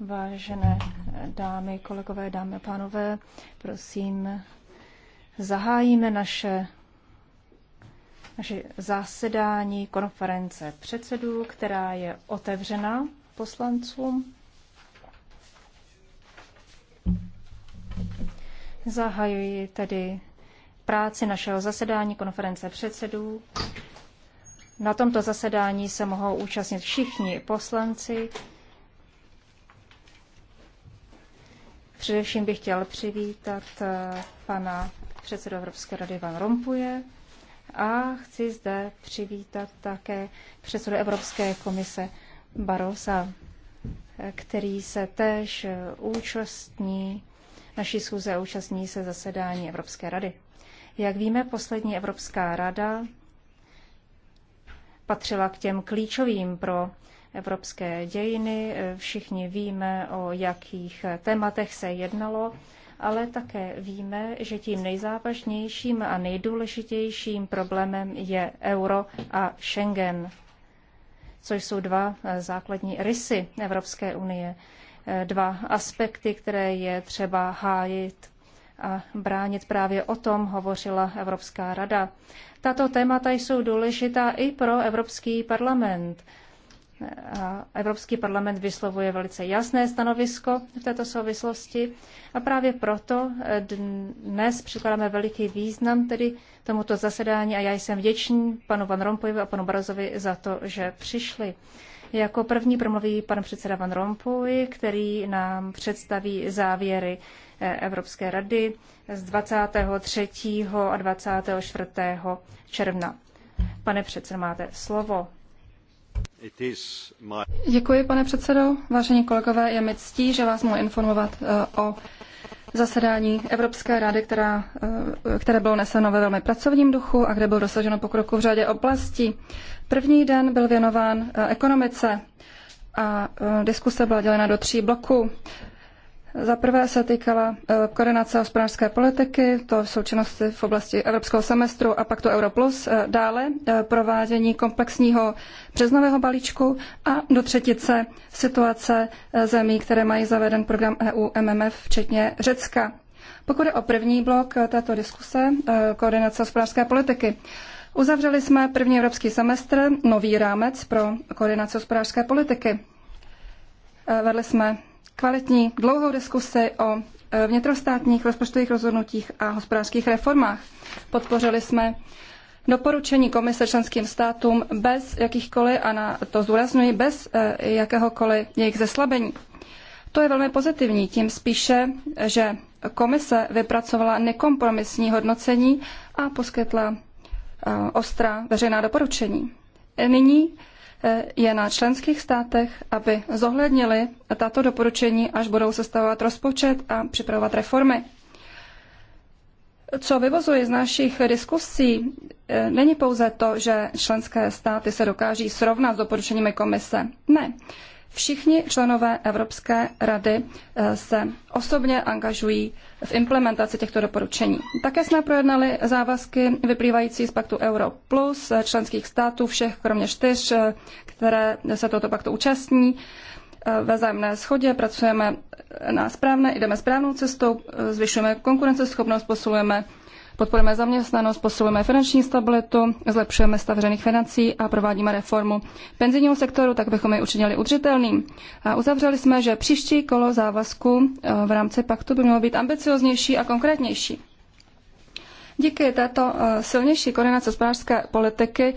Vážené dámy, kolegové, dámy a pánové, prosím, zahájíme naše, naše zasedání konference předsedů, která je otevřena poslancům. Zahajuji tedy práci našeho zasedání konference předsedů. Na tomto zasedání se mohou účastnit všichni poslanci. Především bych chtěl přivítat eh, pana předsedu Evropské rady Van Rompuje a chci zde přivítat také předsedu Evropské komise Barosa, eh, který se též eh, účastní naší schůze a účastní se zasedání Evropské rady. Jak víme, poslední Evropská rada patřila k těm klíčovým pro evropské dějiny. Všichni víme, o jakých tématech se jednalo, ale také víme, že tím nejzávažnějším a nejdůležitějším problémem je euro a Schengen, což jsou dva základní rysy Evropské unie, dva aspekty, které je třeba hájit a bránit. Právě o tom hovořila Evropská rada. Tato témata jsou důležitá i pro Evropský parlament. A Evropský parlament vyslovuje velice jasné stanovisko v této souvislosti a právě proto dnes přikládáme veliký význam tedy tomuto zasedání a já jsem vděčný panu Van Rompuyovi a panu Barozovi za to, že přišli. Jako první promluví pan předseda Van Rompuy, který nám představí závěry eh, Evropské rady z 23. a 24. června. Pane předsedo, máte slovo. Děkuji, pane předsedo. Vážení kolegové, je mi ctí, že vás mohu informovat eh, o zasedání Evropské rady, která, eh, které bylo neseno ve velmi pracovním duchu a kde bylo dosaženo pokroku v řadě oblastí. První den byl věnován eh, ekonomice a eh, diskuse byla dělena do tří bloků. Za prvé se týkala eh, koordinace hospodářské politiky, to jsou činnosti v oblasti evropského semestru a paktu Europlus, dále provádění komplexního březnového balíčku a do třetice situace zemí, které mají zaveden program EU MMF, včetně Řecka. Pokud je o první blok této diskuse, koordinace hospodářské politiky, Uzavřeli jsme první evropský semestr, nový rámec pro koordinaci hospodářské politiky. Eh, vedli jsme kvalitní dlouhou diskusi o eh, vnitrostátních rozpočtových rozhodnutích a hospodářských reformách. Podpořili jsme doporučení komise členským státům bez jakýchkoliv, a na to zúraznuji, bez eh, jakéhokoliv jejich zeslabení. To je velmi pozitivní, tím spíše, že komise vypracovala nekompromisní hodnocení a poskytla Eh, ostrá veřejná doporučení. Nyní eh, je na členských státech, aby zohlednili tato doporučení, až budou sestavovat rozpočet a připravovat reformy. Co vyvozuji z našich diskusí, eh, není pouze to, že členské státy se dokáží srovnat s doporučeními komise. Ne. Všichni členové Evropské rady eh, se osobně angažují v implementaci těchto doporučení. Také jsme projednali závazky vyplývající z paktu Euro plus eh, členských států, všech kromě čtyř, eh, které se tohoto paktu účastní. Ve zájemné schodě pracujeme na správné, jdeme správnou cestou, zvyšujeme konkurenceschopnost, posilujeme podporujeme zaměstnanost, posilujeme finanční stabilitu, zlepšujeme stav veřejných financí a provádíme reformu penzijního sektoru, tak bychom ji učinili udržitelným. A uzavřeli jsme, že příští kolo závazku eh, v rámci paktu by mělo být ambicioznější a konkrétnější. Díky této eh, silnější koordinace hospodářské politiky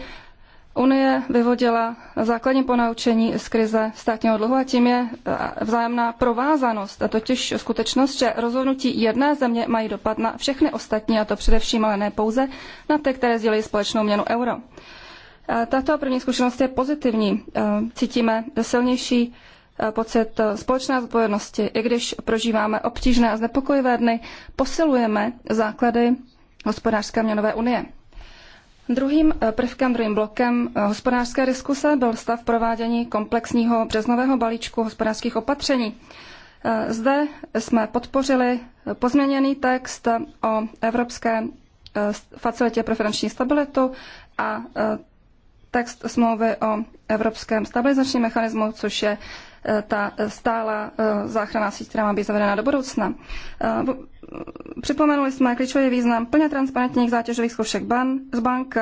Unie vyvodila základní ponaučení z krize státního dluhu a tím je eh, vzájemná provázanost, a totiž skutečnost, že rozhodnutí jedné země mají dopad na všechny ostatní, a to především, ale ne pouze, na ty, které sdělí společnou měnu euro. Eh, tato první zkušenost je pozitivní. Eh, cítíme silnější pocit společné zodpovědnosti. I když prožíváme obtížné a znepokojivé dny, posilujeme základy hospodářské měnové unie. Druhým eh, prvkem, druhým blokem eh, hospodářské diskuse byl stav provádění komplexního březnového balíčku hospodářských opatření. Eh, zde jsme podpořili pozměněný text o Evropské facilitě pro finanční stabilitu a text smlouvy o Evropském stabilizačním mechanismu, což je ta stála záchranná síť, která má být zavedena do budoucna. Připomenuli jsme klíčový význam plně transparentních zátěžových zkoušek ban, z bank.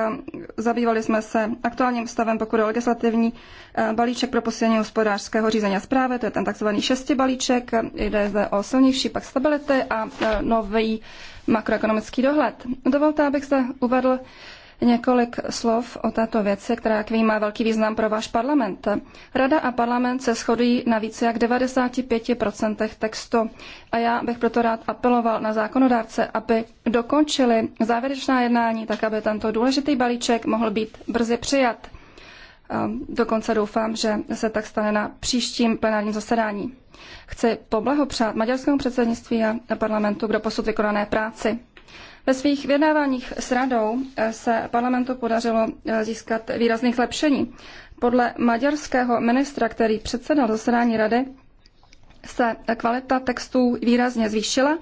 Zabývali jsme se aktuálním stavem, pokud legislativní eh, balíček pro posílení hospodářského řízení a zprávy, to je ten tzv. šesti balíček, jde zde o silnější pak stability a eh, nový makroekonomický dohled. Dovolte, abych se uvedl několik slov o této věci, která, jak vím, má velký význam pro váš parlament. Rada a parlament se shodují na více jak 95% textu a já bych proto rád apeloval na zákonodárce, aby dokončili závěrečná jednání, tak aby tento důležitý balíček mohl být brzy přijat. Dokonce doufám, že se tak stane na příštím plenárním zasedání. Chci poblahopřát maďarskému předsednictví a parlamentu k doposud vykonané práci. Ve svých vyjednáváních s radou eh, se parlamentu podařilo eh, získat výrazných zlepšení. Podle maďarského ministra, který předsedal zasedání rady, se kvalita textů výrazně zvýšila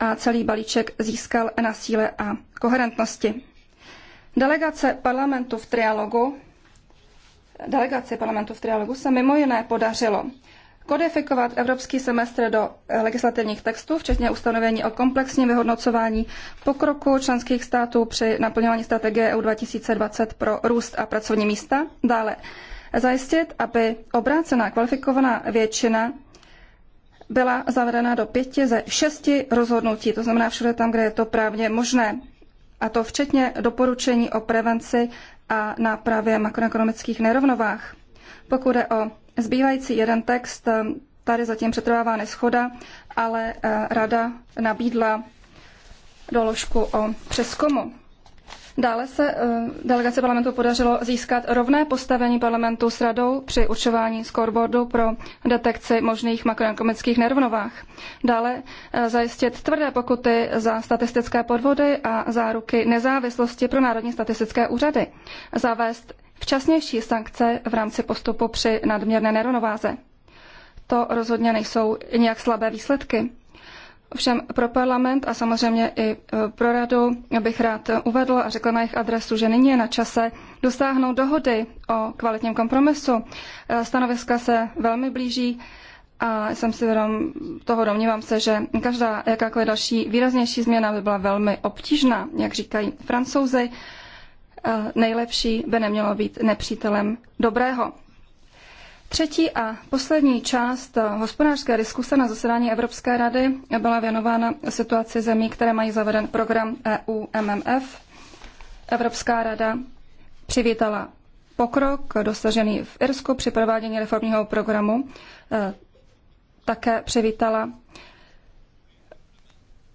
a celý balíček získal na síle a koherentnosti. Delegace parlamentu v trialogu Delegaci parlamentu v trialogu se mimo jiné podařilo kodifikovat evropský semestr do legislativních textů, včetně ustanovení o komplexním vyhodnocování pokroku členských států při naplňování strategie EU 2020 pro růst a pracovní místa. Dále zajistit, aby obrácená kvalifikovaná většina byla zavedena do pěti ze šesti rozhodnutí, to znamená všude tam, kde je to právně možné, a to včetně doporučení o prevenci a nápravě makroekonomických nerovnovách. Pokud je o Zbývající jeden text, eh, tady zatím přetrvává neschoda, ale eh, rada nabídla doložku o přeskumu. Dále se eh, delegace parlamentu podařilo získat rovné postavení parlamentu s radou při určování scoreboardu pro detekci možných makroekonomických nerovnovách. Dále zajistit tvrdé pokuty za statistické podvody a záruky nezávislosti pro národní statistické úřady. Zavést včasnější sankce v rámci postupu při nadměrné nerovnováze. To rozhodně nejsou nějak slabé výsledky. Ovšem pro parlament a samozřejmě i e, pro radu bych rád uvedl a řekl na jejich adresu, že nyní je na čase dosáhnout dohody o kvalitním kompromisu. E, stanoviska se velmi blíží a jsem si vědom toho, domnívám se, že každá jakákoliv další výraznější změna by byla velmi obtížná, jak říkají francouzi nejlepší by nemělo být nepřítelem dobrého. Třetí a poslední část hospodářské diskuse na zasedání Evropské rady byla věnována situaci zemí, které mají zaveden program EU-MMF. Evropská rada přivítala pokrok dosažený v Irsku při provádění reformního programu. E, také přivítala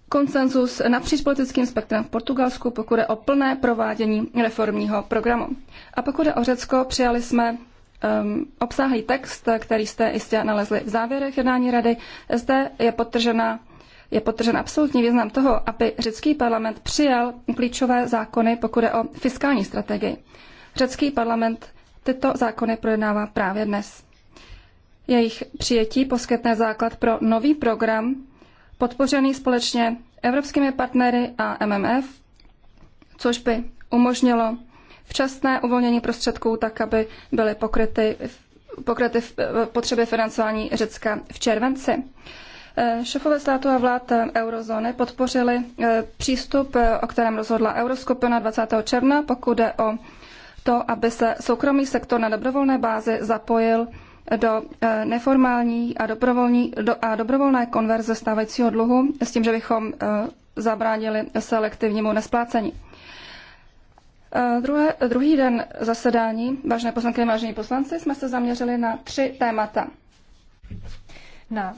konsenzus napříč politickým spektrem v Portugalsku, pokud je o plné provádění reformního programu. A pokud je o Řecko, přijali jsme um, obsáhlý text, který jste jistě nalezli v závěrech jednání rady. Zde je podtržena je podtržen absolutní význam toho, aby řecký parlament přijal klíčové zákony, pokud je o fiskální strategii. Řecký parlament tyto zákony projednává právě dnes. Jejich přijetí poskytne základ pro nový program podpořený společně evropskými partnery a MMF, což by umožnilo včasné uvolnění prostředků tak, aby byly pokryty, pokryty potřeby financování Řecka v červenci. Eh, šefové států a vlád eurozóny podpořili eh, přístup, eh, o kterém rozhodla Euroskupina 20. června, pokud jde o to, aby se soukromý sektor na dobrovolné bázi zapojil do eh, neformální a, dobrovolní, do, a dobrovolné konverze stávajícího dluhu s tím, že bychom eh, zabránili selektivnímu nesplácení. Eh, druhé, druhý den zasedání, vážné poslankyně, vážení poslanci, jsme se zaměřili na tři témata. Na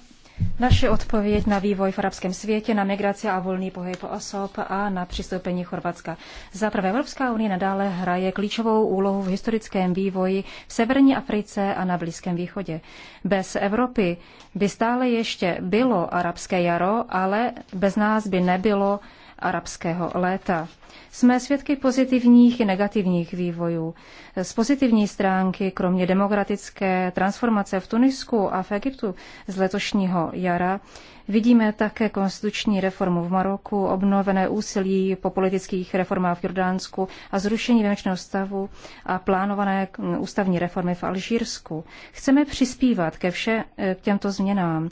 naše odpověď na vývoj v arabském světě, na migraci a volný pohyb osob a na přistoupení Chorvatska. Za prvé Evropská unie nadále hraje klíčovou úlohu v historickém vývoji v severní Africe a na Blízkém východě. Bez Evropy by stále ještě bylo arabské jaro, ale bez nás by nebylo arabského léta. Jsme svědky pozitivních i negativních vývojů. Z pozitivní stránky, kromě demokratické transformace v Tunisku a v Egyptu z letošního jara, vidíme také konstituční reformu v Maroku, obnovené úsilí po politických reformách v Jordánsku a zrušení věnečného stavu a plánované hm, ústavní reformy v Alžírsku. Chceme přispívat ke eh, k těmto změnám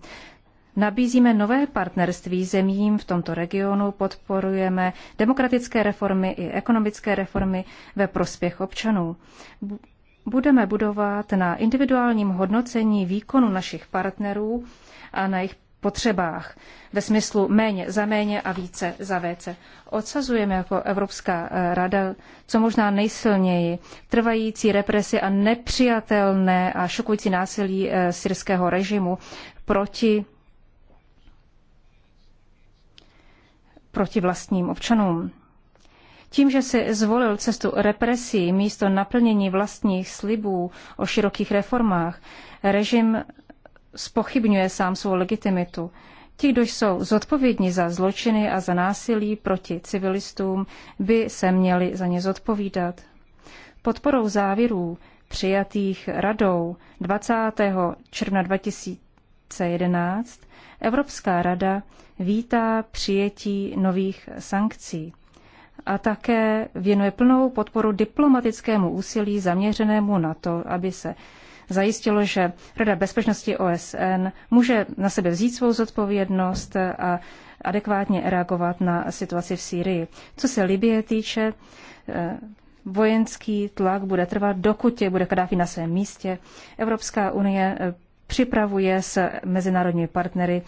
Nabízíme nové partnerství zemím v tomto regionu, podporujeme demokratické reformy i ekonomické reformy ve prospěch občanů. Budeme budovat na individuálním hodnocení výkonu našich partnerů a na jejich potřebách ve smyslu méně za méně a více za více. Odsazujeme jako Evropská eh, rada co možná nejsilněji trvající represi a nepřijatelné a šokující násilí eh, syrského režimu proti proti vlastním občanům. Tím, že si zvolil cestu represí místo naplnění vlastních slibů o širokých reformách, režim spochybňuje sám svou legitimitu. Ti, kdo jsou zodpovědní za zločiny a za násilí proti civilistům, by se měli za ně zodpovídat. Podporou závěrů přijatých radou 20. června 2011 Evropská rada vítá přijetí nových sankcí a také věnuje plnou podporu diplomatickému úsilí zaměřenému na to, aby se zajistilo, že Rada bezpečnosti OSN může na sebe vzít svou zodpovědnost a adekvátně reagovat na situaci v Sýrii. Co se Libie týče, eh, vojenský tlak bude trvat, dokud je bude Kadáfi na svém místě. Evropská unie eh, připravuje s mezinárodními partnery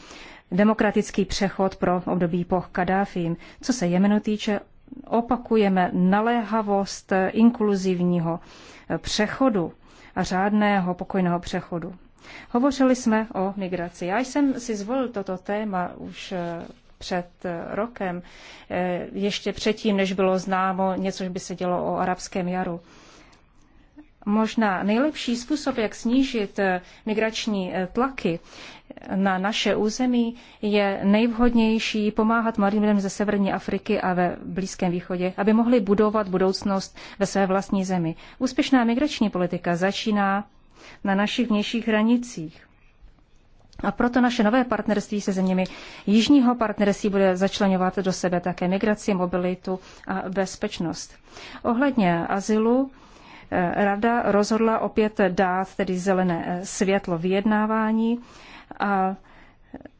demokratický přechod pro období po Kadáfím. Co se Jemenu týče, opakujeme naléhavost inkluzivního přechodu a řádného pokojného přechodu. Hovořili jsme o migraci. Já jsem si zvolil toto téma už eh, před eh, rokem, eh, ještě předtím, než bylo známo něco, že by se dělo o arabském jaru možná nejlepší způsob, jak snížit eh, migrační eh, tlaky eh, na naše území, je nejvhodnější pomáhat mladým lidem ze severní Afriky a ve Blízkém východě, aby mohli budovat budoucnost ve své vlastní zemi. Úspěšná migrační politika začíná na našich vnějších hranicích. A proto naše nové partnerství se zeměmi Jižního partnerství bude začlenovat do sebe také migraci, mobilitu a bezpečnost. Ohledně azylu Rada rozhodla opět dát tedy zelené eh, světlo vyjednávání a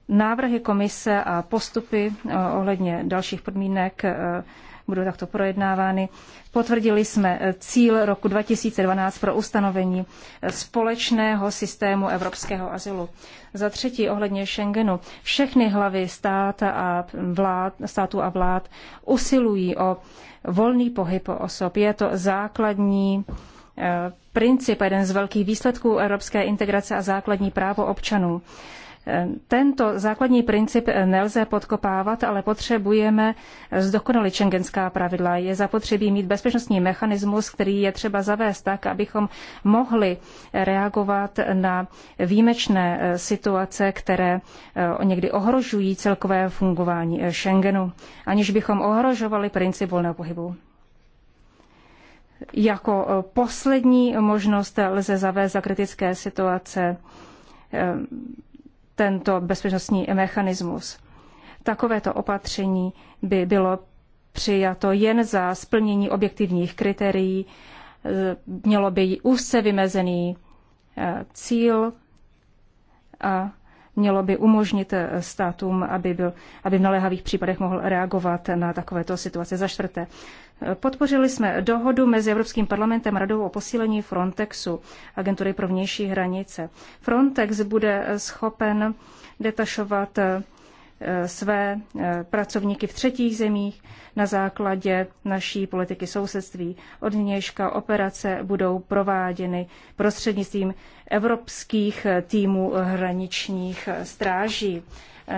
návrhy komise a postupy eh, ohledně dalších podmínek eh, budou takto projednávány. Potvrdili jsme eh, cíl roku 2012 pro ustanovení eh, společného systému evropského azylu. Za třetí ohledně Schengenu. Všechny hlavy stát a vlád, státu a vlád usilují o volný pohyb osob. Je to základní eh, princip, jeden z velkých výsledků evropské integrace a základní právo občanů. Tento základní princip nelze podkopávat, ale potřebujeme zdokonalit šengenská pravidla. Je zapotřebí mít bezpečnostní mechanismus, který je třeba zavést tak, abychom mohli reagovat na výjimečné situace, které eh, někdy ohrožují celkové fungování eh, Schengenu, aniž bychom ohrožovali princip volného pohybu. Jako eh, poslední možnost lze zavést za kritické situace tento bezpečnostní mechanismus. Takovéto opatření by bylo přijato jen za splnění objektivních kritérií, mělo by úzce vymezený eh, cíl a mělo by umožnit eh, státům, aby, byl, aby v naléhavých případech mohl reagovat na takovéto situace. Za čtvrté, eh, podpořili jsme dohodu mezi Evropským parlamentem a Radou o posílení Frontexu, agentury pro vnější hranice. Frontex bude schopen detašovat eh, Eh, své eh, pracovníky v třetích zemích na základě naší politiky sousedství. Od nynějška operace budou prováděny prostřednictvím evropských eh, týmů hraničních stráží.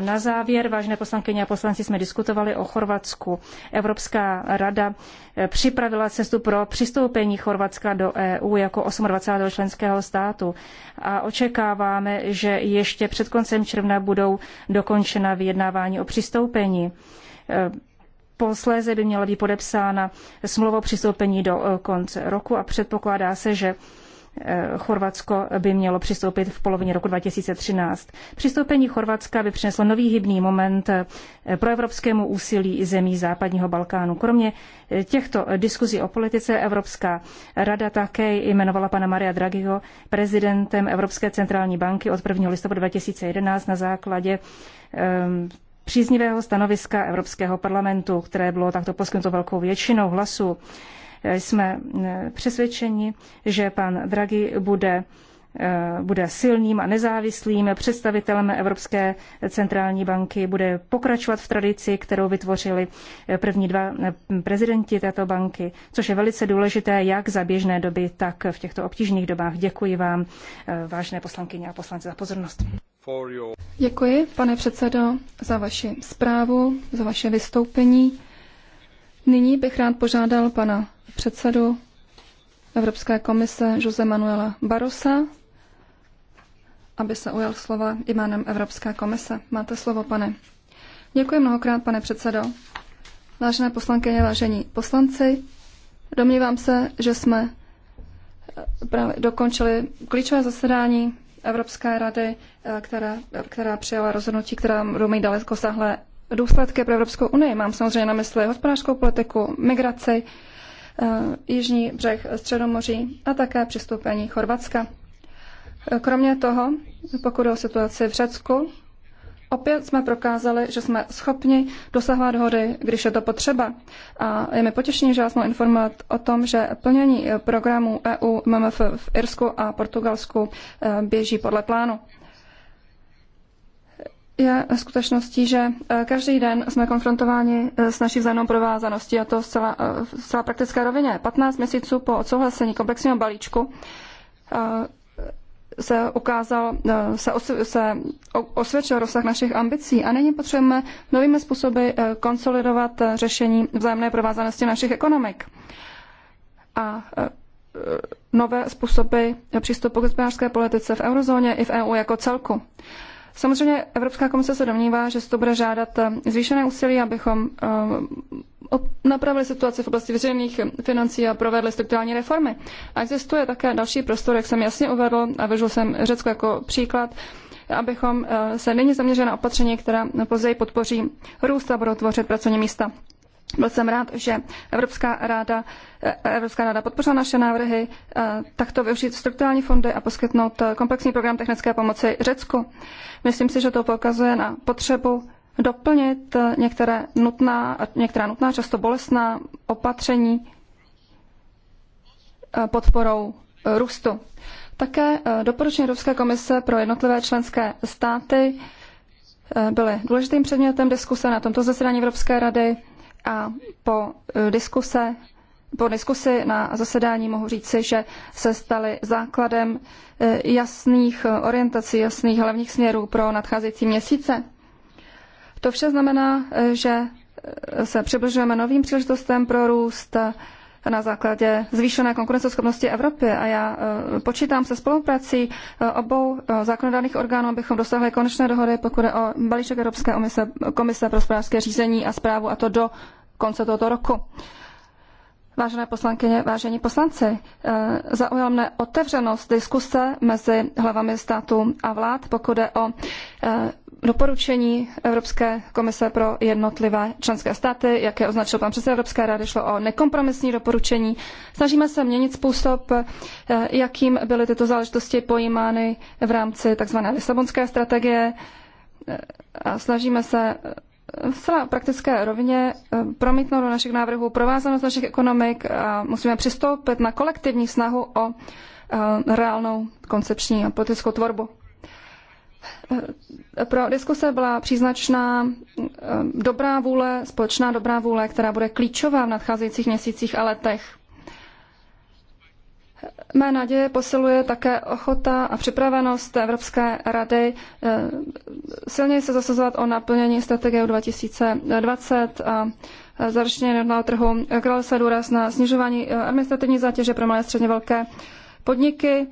Na závěr, vážné poslankyně a poslanci, jsme diskutovali o Chorvatsku. Evropská rada eh, připravila cestu pro přistoupení Chorvatska do EU jako 28. členského státu a očekáváme, že ještě před koncem června budou dokončena vyjednávání o přistoupení. Eh, posléze by měla být podepsána smlouva o přistoupení do eh, konce roku a předpokládá se, že Eh, Chorvatsko by mělo přistoupit v polovině roku 2013. Přistoupení Chorvatska by přineslo nový hybný moment eh, pro evropskému úsilí zemí západního Balkánu. Kromě eh, těchto diskuzí o politice Evropská rada také jmenovala pana Maria Draghiho prezidentem Evropské centrální banky od 1. listopadu 2011 na základě um, příznivého stanoviska Evropského parlamentu, které bylo takto poskytnuto velkou většinou hlasů. Jsme eh, přesvědčeni, že pan Draghi bude eh, bude silným a nezávislým představitelem Evropské centrální banky, bude pokračovat v tradici, kterou vytvořili eh, první dva prezidenti této banky, což je velice důležité jak za běžné doby, tak v těchto obtížných dobách. Děkuji vám, vážné poslankyně a poslanci, za pozornost. Děkuji, pane předsedo, za vaši zprávu, za vaše vystoupení. Nyní bych rád požádal pana předsedu Evropské komise Jose Manuela Barosa, aby se ujal slova jménem Evropské komise. Máte slovo, pane. Děkuji mnohokrát, pane předsedo. Vážené poslankyně, vážení poslanci, domnívám se, že jsme eh, právě dokončili klíčové zasedání Evropské rady, eh, která, která přijala rozhodnutí, která budou mít daleko sáhlé důsledky pro Evropskou unii. Mám samozřejmě na mysli hospodářskou politiku, migraci, Eh, jižní břeh Středomoří a také přistoupení Chorvatska. Kromě toho, pokud o situaci v Řecku, opět jsme prokázali, že jsme schopni dosahovat hody, když je to potřeba. A je mi potěšení, že vás mohu informovat o tom, že plnění programů EU MMF v Irsku a Portugalsku eh, běží podle plánu je skutečností, že eh, každý den jsme konfrontováni eh, s naší vzájemnou provázaností a to zcela, eh, zcela praktické rovině. 15 měsíců po odsouhlasení komplexního balíčku se ukázal, se, se osvědčil rozsah našich ambicí a nyní potřebujeme novými způsoby konsolidovat řešení vzájemné provázanosti našich ekonomik. A nové způsoby přístupu k hospodářské politice v eurozóně i v EU jako celku. Samozřejmě Evropská komise se domnívá, že se to bude žádat eh, zvýšené úsilí, abychom eh, napravili situaci v oblasti veřejných financí a provedli strukturální reformy. A existuje také další prostor, jak jsem jasně uvedl, a vyžil jsem Řecko jako příklad, abychom eh, se nyní zaměřili na opatření, která později podpoří růst a budou tvořit pracovní místa. Byl jsem rád, že Evropská ráda, eh, Evropská ráda podpořila naše návrhy eh, takto využít strukturální fondy a poskytnout eh, komplexní program technické pomoci Řecku. Myslím si, že to poukazuje na potřebu doplnit některá nutná, některá nutná, často bolestná opatření podporou růstu. Také doporučení Evropské komise pro jednotlivé členské státy byly důležitým předmětem diskuse na tomto zasedání Evropské rady a po eh, diskuse po diskusi na zasedání mohu říci, že se staly základem eh, jasných eh, orientací, jasných hlavních směrů pro nadcházející měsíce. To vše znamená, že se přibližujeme novým příležitostem pro růst, na základě zvýšené konkurenceschopnosti Evropy a já e, počítám se spoluprací e, obou e, zákonodárných orgánů, abychom dosáhli konečné dohody, pokud je o balíček Evropské komise, komise pro hospodářské řízení a zprávu a to do konce tohoto roku. Vážené poslankyně, vážení poslanci, zaujala mne otevřenost diskuse mezi hlavami států a vlád, pokud je o doporučení Evropské komise pro jednotlivé členské státy, jak je označil pan předseda Evropské rady, šlo o nekompromisní doporučení. Snažíme se měnit způsob, eh, jakým byly tyto záležitosti pojímány v rámci tzv. Lisabonské strategie eh, a snažíme se v eh, celé praktické rovině promítnout do našich návrhů provázanost našich ekonomik a musíme přistoupit na kolektivní snahu o reálnou koncepční a politickou tvorbu. Eh, pro diskuse byla příznačná eh, dobrá vůle, společná dobrá vůle, která bude klíčová v nadcházejících měsících a letech. Mé naděje posiluje také ochota a připravenost Evropské rady eh, silněji se zasazovat o naplnění strategie 2020 a zaručení jednotného trhu. Kral se důraz na snižování administrativní zátěže pro malé a středně velké podniky,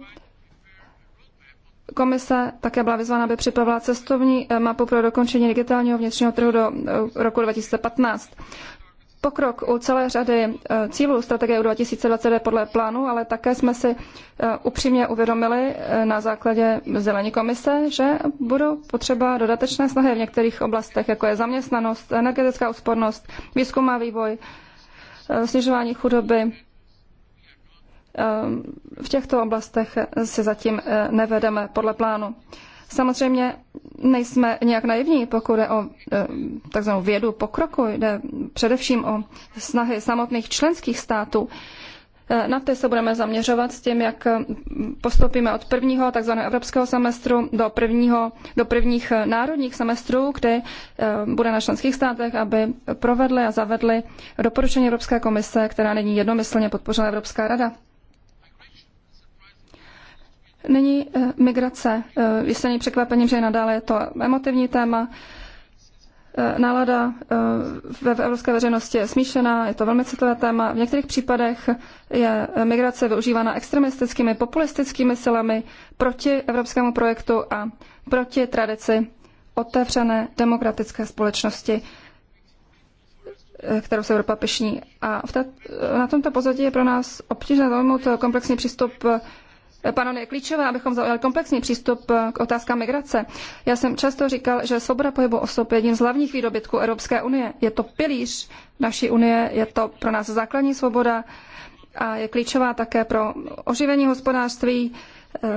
Komise také byla vyzvána, aby připravila cestovní eh, mapu pro dokončení digitálního vnitřního trhu do eh, roku 2015. Pokrok u celé řady eh, cílů strategie 2020 je podle plánu, ale také jsme si upřímně uvědomili na základě zelení komise, že budou potřeba dodatečné snahy v některých oblastech, jako je zaměstnanost, energetická úspornost, výzkum a vývoj, snižování chudoby, Ehm, v těchto oblastech se zatím eh, nevedeme podle plánu. Samozřejmě nejsme nějak naivní, pokud jde o ehm, takzvanou vědu pokroku, jde především o snahy samotných členských států. Eh, na ty se budeme zaměřovat s tím, jak ehm, postoupíme od prvního takzvaného evropského semestru do, prvního, do prvních eh, národních semestrů, kde bude na členských státech, aby provedly a zavedly doporučení Evropské komise, která není jednomyslně podpořena Evropská rada. Eh, eh, nyní migrace. Jistě není překvapením, že nadále je to emotivní téma. Eh, nálada ve evropské veřejnosti je smíšená, je to velmi citlivé téma. V některých případech je migrace využívána extremistickými, populistickými silami proti evropskému projektu a proti tradici otevřené demokratické společnosti, kterou se Evropa pišní. A v té, na tomto pozadí je pro nás obtížné zaujmout komplexní přístup Panon je klíčové, abychom zaujali komplexní přístup k otázkám migrace. Já jsem často říkal, že svoboda pohybu osob je jedním z hlavních výdobytků Evropské unie. Je to pilíř naší unie, je to pro nás základní svoboda a je klíčová také pro oživení hospodářství eh,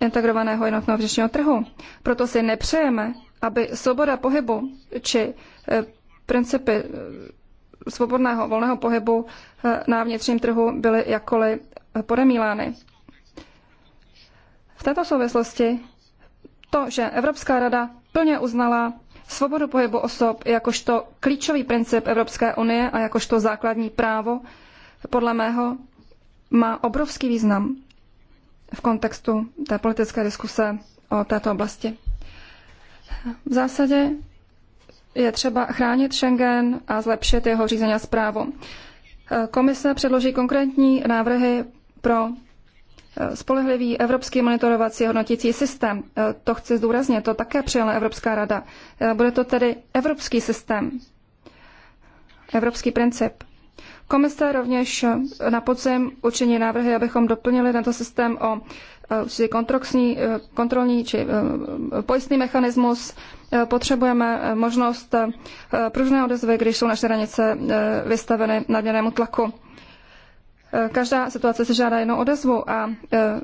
integrovaného jednotného vnitřního trhu. Proto si nepřejeme, aby svoboda pohybu či eh, principy eh, svobodného volného pohybu na vnitřním trhu byly jakkoliv podemílány. V této souvislosti to, že Evropská rada plně uznala svobodu pohybu osob jakožto klíčový princip Evropské unie a jakožto základní právo, podle mého má obrovský význam v kontextu té politické diskuse o této oblasti. V zásadě je třeba chránit Schengen a zlepšit jeho řízení a zprávu. Komise předloží konkrétní návrhy pro Spolehlivý evropský monitorovací hodnotící systém, e, to chci zdůraznit, to také přijala Evropská rada. E, bude to tedy evropský systém, evropský princip. Komise rovněž na podzim učení návrhy, abychom doplnili tento systém o e, kontrolní, kontrolní či pojistný mechanismus. Potřebujeme možnost pružné odezvy, když jsou naše hranice vystaveny nadměrnému tlaku každá situace se žádá jenom odezvu a e,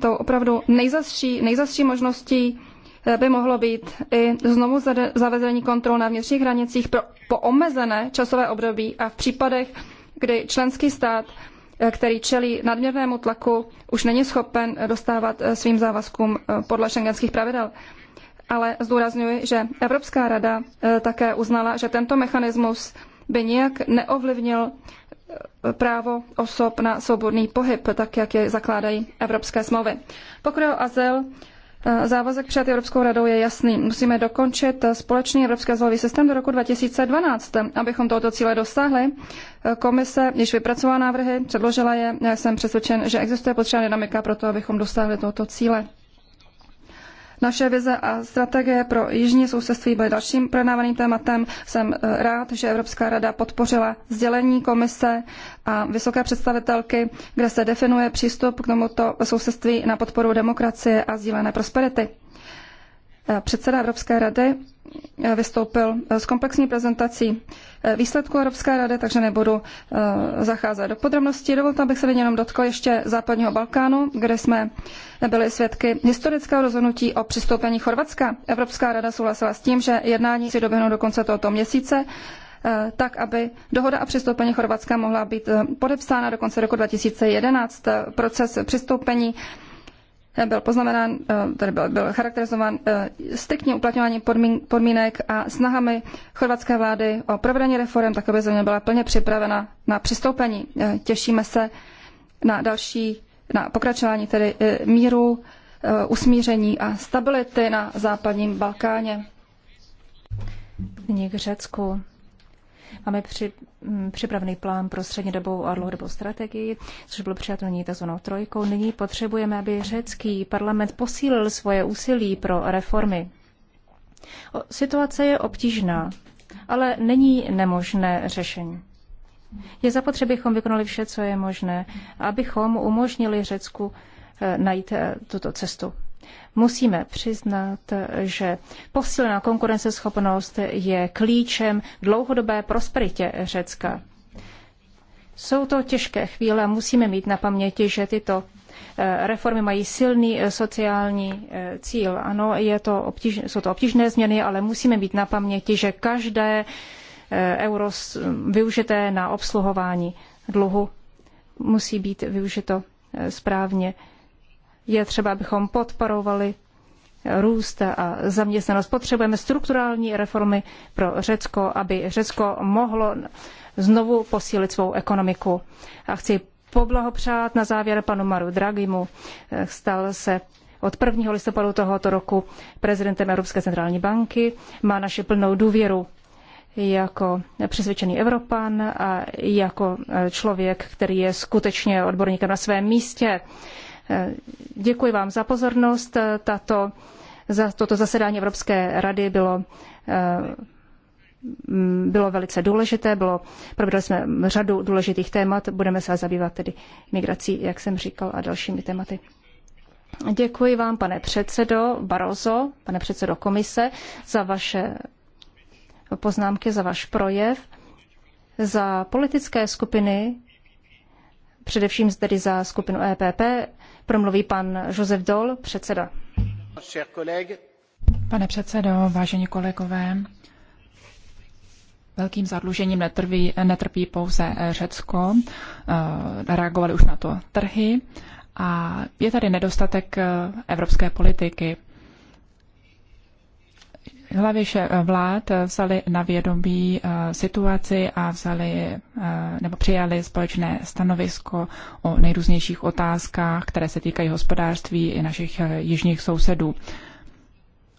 to opravdu nejzastří, nejzastří možností e, by mohlo být i znovu zavezení kontrol na vnitřních hranicích pro, po omezené časové období a v případech, kdy členský stát, e, který čelí nadměrnému tlaku, už není schopen dostávat svým závazkům podle šengenských pravidel. Ale zdůrazňuji, že Evropská rada také uznala, že tento mechanismus by nijak neovlivnil právo osob na svobodný pohyb, tak jak je zakládají evropské smlouvy. Pokud je o azyl, eh, Závazek před Evropskou radou je jasný. Musíme dokončit společný evropský azylový systém do roku 2012. Abychom tohoto cíle dosáhli, eh, komise již vypracovala návrhy, předložila je. Já jsem přesvědčen, že existuje potřeba dynamika pro to, abychom dosáhli tohoto cíle. Naše vize a strategie pro jižní sousedství byly dalším projednávaným tématem. Jsem eh, rád, že Evropská rada podpořila sdělení komise a vysoké představitelky, kde se definuje přístup k tomuto sousedství na podporu demokracie a sdílené prosperity. Eh, předseda Evropské rady eh, vystoupil eh, s komplexní prezentací výsledku Evropské rady, takže nebudu zacházet do podrobností. Dovolte, abych se jenom dotkl ještě západního Balkánu, kde jsme byli svědky historického rozhodnutí o přistoupení Chorvatska. Evropská rada souhlasila s tím, že jednání si doběhnou do konce tohoto měsíce tak, aby dohoda o přistoupení Chorvatska mohla být podepsána do konce roku 2011. Proces přistoupení byl poznamenán, eh, tedy byl, byl charakterizován eh, striktním uplatňováním podmín, podmínek a snahami chorvatské vlády o provedení reform, tak aby země byla plně připravena na přistoupení. Eh, těšíme se na další, na pokračování tedy míru, usmíření a stability na západním Balkáně. Nyní k Řecku. Máme při, mm, připravený plán pro střednědobou a dlouhodobou strategii, což bylo přijato nyní tzv. trojkou. Nyní potřebujeme, aby řecký parlament posílil svoje úsilí pro reformy. O, situace je obtížná, ale není nemožné řešení. Je zapotřebí, abychom vykonali vše, co je možné, abychom umožnili Řecku eh, najít eh, tuto cestu. Musíme přiznat, že posílená konkurenceschopnost je klíčem dlouhodobé prosperitě Řecka. Jsou to těžké chvíle a musíme mít na paměti, že tyto eh, reformy mají silný eh, sociální eh, cíl. Ano, je to obtížné, jsou to obtížné změny, ale musíme mít na paměti, že každé euro využité na obsluhování dluhu musí být využito správně. Je třeba, abychom podporovali růst a zaměstnanost. Potřebujeme strukturální reformy pro Řecko, aby Řecko mohlo znovu posílit svou ekonomiku. A chci poblahopřát na závěr panu Maru Dragimu. Stal se od 1. listopadu tohoto roku prezidentem Evropské centrální banky. Má naši plnou důvěru jako přesvědčený Evropan a jako člověk, který je skutečně odborníkem na svém místě. Eh, děkuji vám za pozornost. Eh, tato, za toto zasedání Evropské rady bylo eh, bylo velice důležité, bylo, probrali jsme řadu důležitých témat, budeme se zabývat tedy migrací, jak jsem říkal, a dalšími tématy. Děkuji vám, pane předsedo Barozo, pane předsedo komise, za vaše poznámky, za váš projev, za politické skupiny, především tedy za skupinu EPP, promluví pan Josef Dol, předseda. Pane předsedo, vážení kolegové, Velkým zadlužením netrví, netrpí pouze eh, Řecko, eh, reagovaly už na to trhy a je tady nedostatek eh, evropské politiky hlavy vlád vzali na vědomí eh, situaci a vzali eh, nebo přijali společné stanovisko o nejrůznějších otázkách, které se týkají hospodářství i našich eh, jižních sousedů.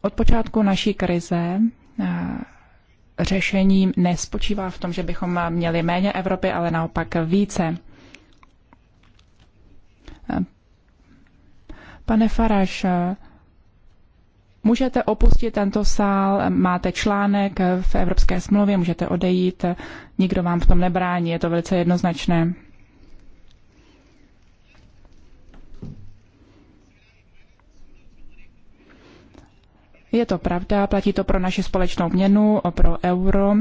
Od počátku naší krize řešením nespočívá v tom, že bychom měli méně Evropy, ale naopak více. Pane Faraš, Můžete opustit tento sál, máte článek v Evropské smlouvě, můžete odejít, nikdo vám v tom nebrání, je to velice jednoznačné. Je to pravda, platí to pro naši společnou měnu, pro euro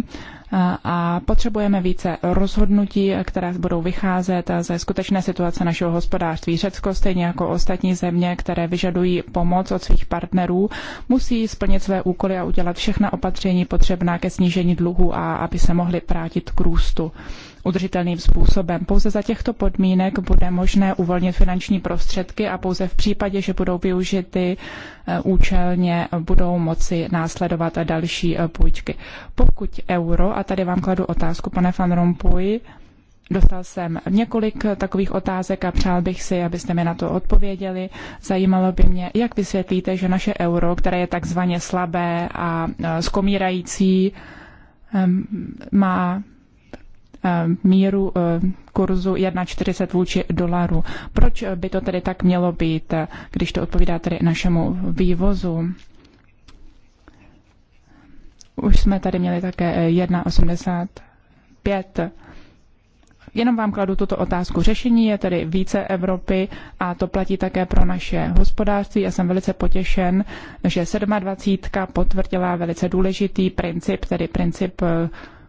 a potřebujeme více rozhodnutí, která budou vycházet ze skutečné situace našeho hospodářství. Řecko, stejně jako ostatní země, které vyžadují pomoc od svých partnerů, musí splnit své úkoly a udělat všechna opatření potřebná ke snížení dluhu a aby se mohli vrátit k růstu udržitelným způsobem. Pouze za těchto podmínek bude možné uvolnit finanční prostředky a pouze v případě, že budou využity e, účelně, budou moci následovat další e, půjčky. Pokud euro a a tady vám kladu otázku, pane Van Rompuy. Dostal jsem několik takových otázek a přál bych si, abyste mi na to odpověděli. Zajímalo by mě, jak vysvětlíte, že naše euro, které je takzvaně slabé a e, skomírající, má e, míru e, kurzu 1,40 vůči dolaru. Proč by to tedy tak mělo být, když to odpovídá tedy našemu vývozu? Už jsme tady měli také 1,85. Eh, Jenom vám kladu tuto otázku. Řešení je tedy více Evropy a to platí také pro naše hospodářství. Já jsem velice potěšen, že 27. potvrdila velice důležitý princip, tedy princip eh,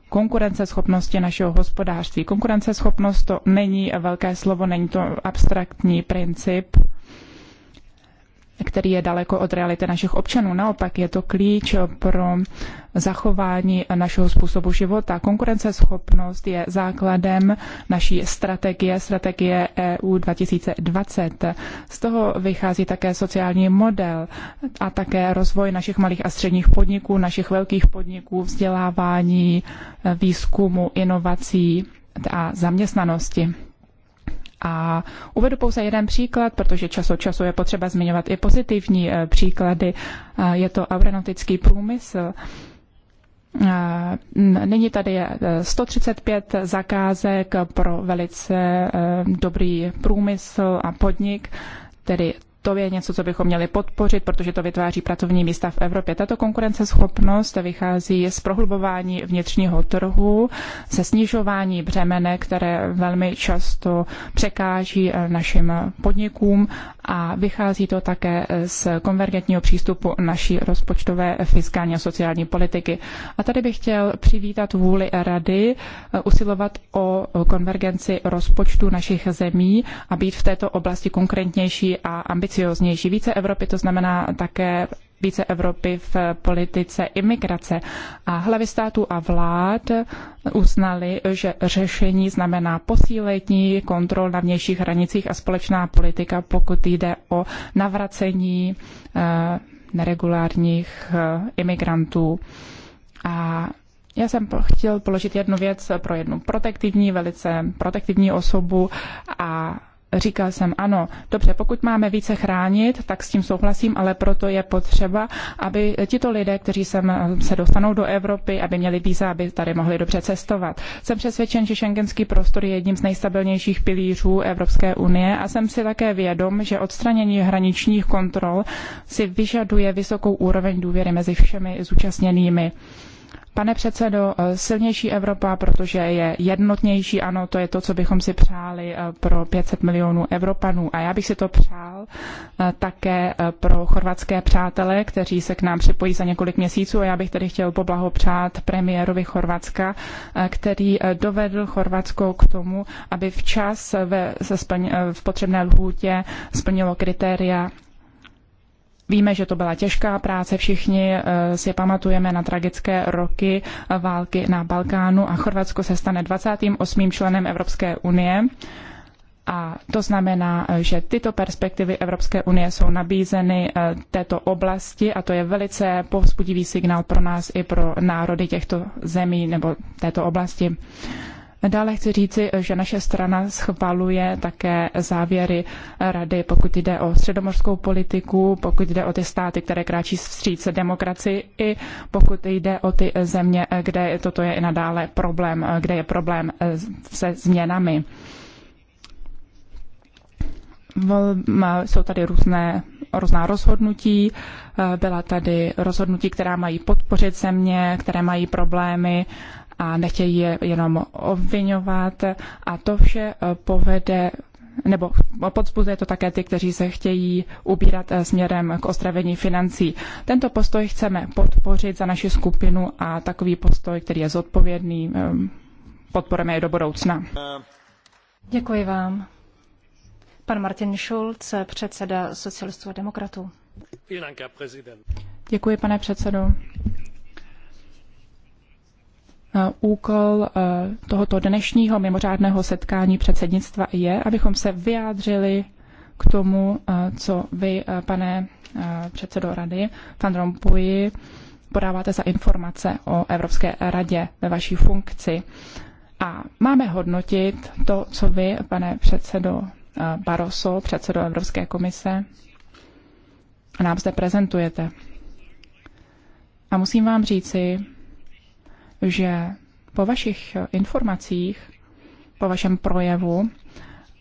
konkurenceschopnosti našeho hospodářství. Konkurenceschopnost to není velké slovo, není to abstraktní princip který je daleko od reality našich občanů. Naopak je to klíč pro zachování našeho způsobu života. Konkurenceschopnost je základem naší strategie, strategie EU 2020. Z toho vychází také sociální model a také rozvoj našich malých a středních podniků, našich velkých podniků, vzdělávání, výzkumu, inovací a zaměstnanosti. A uvedu pouze jeden příklad, protože čas od času je potřeba zmiňovat i pozitivní eh, příklady. Eh, je to aeronautický průmysl. Eh, nyní tady je 135 zakázek pro velice dobrý průmysl a podnik, tedy to je něco, co bychom měli podpořit, protože to vytváří pracovní místa v Evropě. Tato konkurenceschopnost vychází z prohlubování vnitřního trhu, ze snižování břemene, které velmi často překáží eh, našim podnikům a vychází to také z konvergentního přístupu naší rozpočtové fiskální a sociální politiky. A tady bych chtěl přivítat vůli rady eh, usilovat o konvergenci rozpočtu našich zemí a být v této oblasti konkrétnější a ambicioznější. Více Evropy to znamená také více Evropy v politice imigrace. A hlavy států a vlád uznali, že řešení znamená posílení kontrol na vnějších hranicích a společná politika, pokud jde o navracení eh, neregulárních eh, imigrantů. A já jsem chtěl položit jednu věc pro jednu protektivní, velice protektivní osobu a Říkal jsem, ano, dobře, pokud máme více chránit, tak s tím souhlasím, ale proto je potřeba, aby tito lidé, kteří sem eh, se dostanou do Evropy, aby měli víza, aby tady mohli dobře cestovat. Jsem přesvědčen, že šengenský prostor je jedním z nejstabilnějších pilířů Evropské unie a jsem si také vědom, že odstranění hraničních kontrol si vyžaduje vysokou úroveň důvěry mezi všemi zúčastněnými. Pane předsedo, eh, silnější Evropa, protože je jednotnější, ano, to je to, co bychom si přáli eh, pro 500 milionů Evropanů. A já bych si to přál eh, také pro chorvatské přátele, kteří se k nám připojí za několik měsíců. A já bych tedy chtěl poblahopřát premiérovi Chorvatska, který dovedl Chorvatsko k tomu, aby včas ve, se splň, v potřebné lhůtě splnilo kritéria Víme, že to byla těžká práce, všichni eh, si pamatujeme na tragické roky eh, války na Balkánu a Chorvatsko se stane 28. členem Evropské unie. A to znamená, eh, že tyto perspektivy Evropské unie jsou nabízeny této oblasti a to je velice povzbudivý signál pro nás i pro národy těchto zemí nebo této oblasti. Dále chci říci, že naše strana schvaluje také závěry rady, pokud jde o středomorskou politiku, pokud jde o ty státy, které kráčí vstříc demokracii, i pokud jde o ty země, kde toto je i nadále problém, kde je problém eh, se změnami. Jsou tady různé různá rozhodnutí. Eh, byla tady rozhodnutí, která mají podpořit země, které mají problémy a nechtějí je jenom obvinovat a to vše eh, povede nebo podspuzuje to také ty, kteří se chtějí ubírat eh, směrem k ostravení financí. Tento postoj chceme podpořit za naši skupinu a takový postoj, který je zodpovědný, ehm, podporujeme je do budoucna. Děkuji vám. Pan Martin Schulz, předseda socialistů a demokratů. Děkuji, pane předsedo úkol eh, tohoto dnešního mimořádného setkání předsednictva je, abychom se vyjádřili k tomu, eh, co vy, eh, pane předsedo rady, pan Rompuji, podáváte za informace o Evropské radě ve vaší funkci. A máme hodnotit to, co vy, pane předsedo Barroso, předsedo Evropské komise, nám zde prezentujete. A musím vám říci, že po vašich informacích, po vašem projevu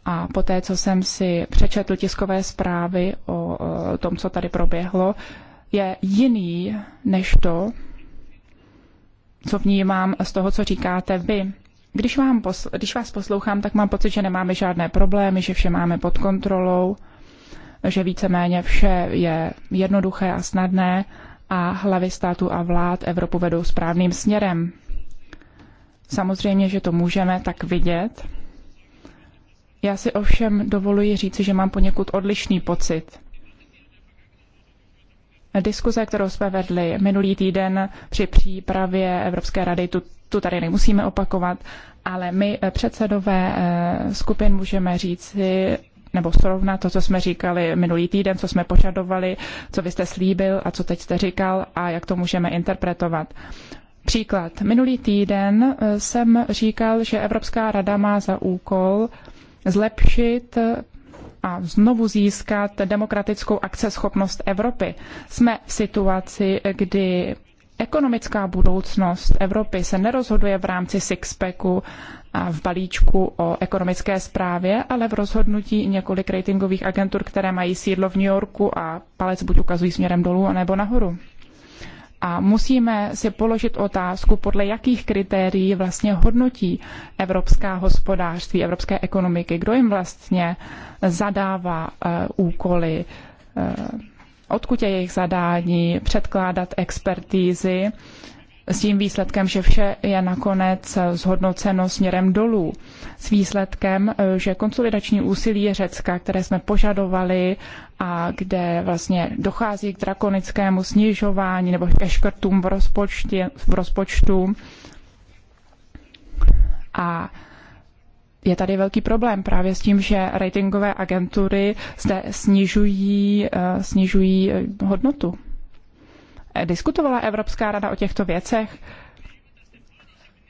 a po té, co jsem si přečetl tiskové zprávy o tom, co tady proběhlo, je jiný než to, co vnímám z toho, co říkáte vy. Když, vám posl- když vás poslouchám, tak mám pocit, že nemáme žádné problémy, že vše máme pod kontrolou, že víceméně vše je jednoduché a snadné a hlavy států a vlád Evropu vedou správným směrem. Samozřejmě, že to můžeme tak vidět. Já si ovšem dovoluji říci, že mám poněkud odlišný pocit. Diskuze, kterou jsme vedli minulý týden při přípravě Evropské rady, tu, tu tady nemusíme opakovat, ale my eh, předsedové eh, skupin můžeme říci, nebo srovnat to, co jsme říkali minulý týden, co jsme požadovali, co vy jste slíbil a co teď jste říkal a jak to můžeme interpretovat. Příklad. Minulý týden eh, jsem říkal, že Evropská rada má za úkol zlepšit a znovu získat demokratickou akceschopnost Evropy. Jsme v situaci, kdy ekonomická budoucnost Evropy se nerozhoduje v rámci sixpacku v balíčku o ekonomické zprávě, ale v rozhodnutí několik ratingových agentur, které mají sídlo v New Yorku a palec buď ukazují směrem dolů nebo nahoru. A musíme si položit otázku, podle jakých kritérií vlastně hodnotí evropská hospodářství, evropské ekonomiky, kdo jim vlastně zadává uh, úkoly, uh, odkud je jejich zadání, předkládat expertízy. Uh, s tím výsledkem, že vše je nakonec zhodnoceno směrem dolů. S výsledkem, eh, že konsolidační úsilí Řecka, které jsme požadovali a kde vlastně dochází k drakonickému snižování nebo ke škrtům v, rozpočtě, v rozpočtu a je tady velký problém právě s tím, že ratingové agentury zde snižují, eh, snižují eh, hodnotu. Diskutovala Evropská rada o těchto věcech?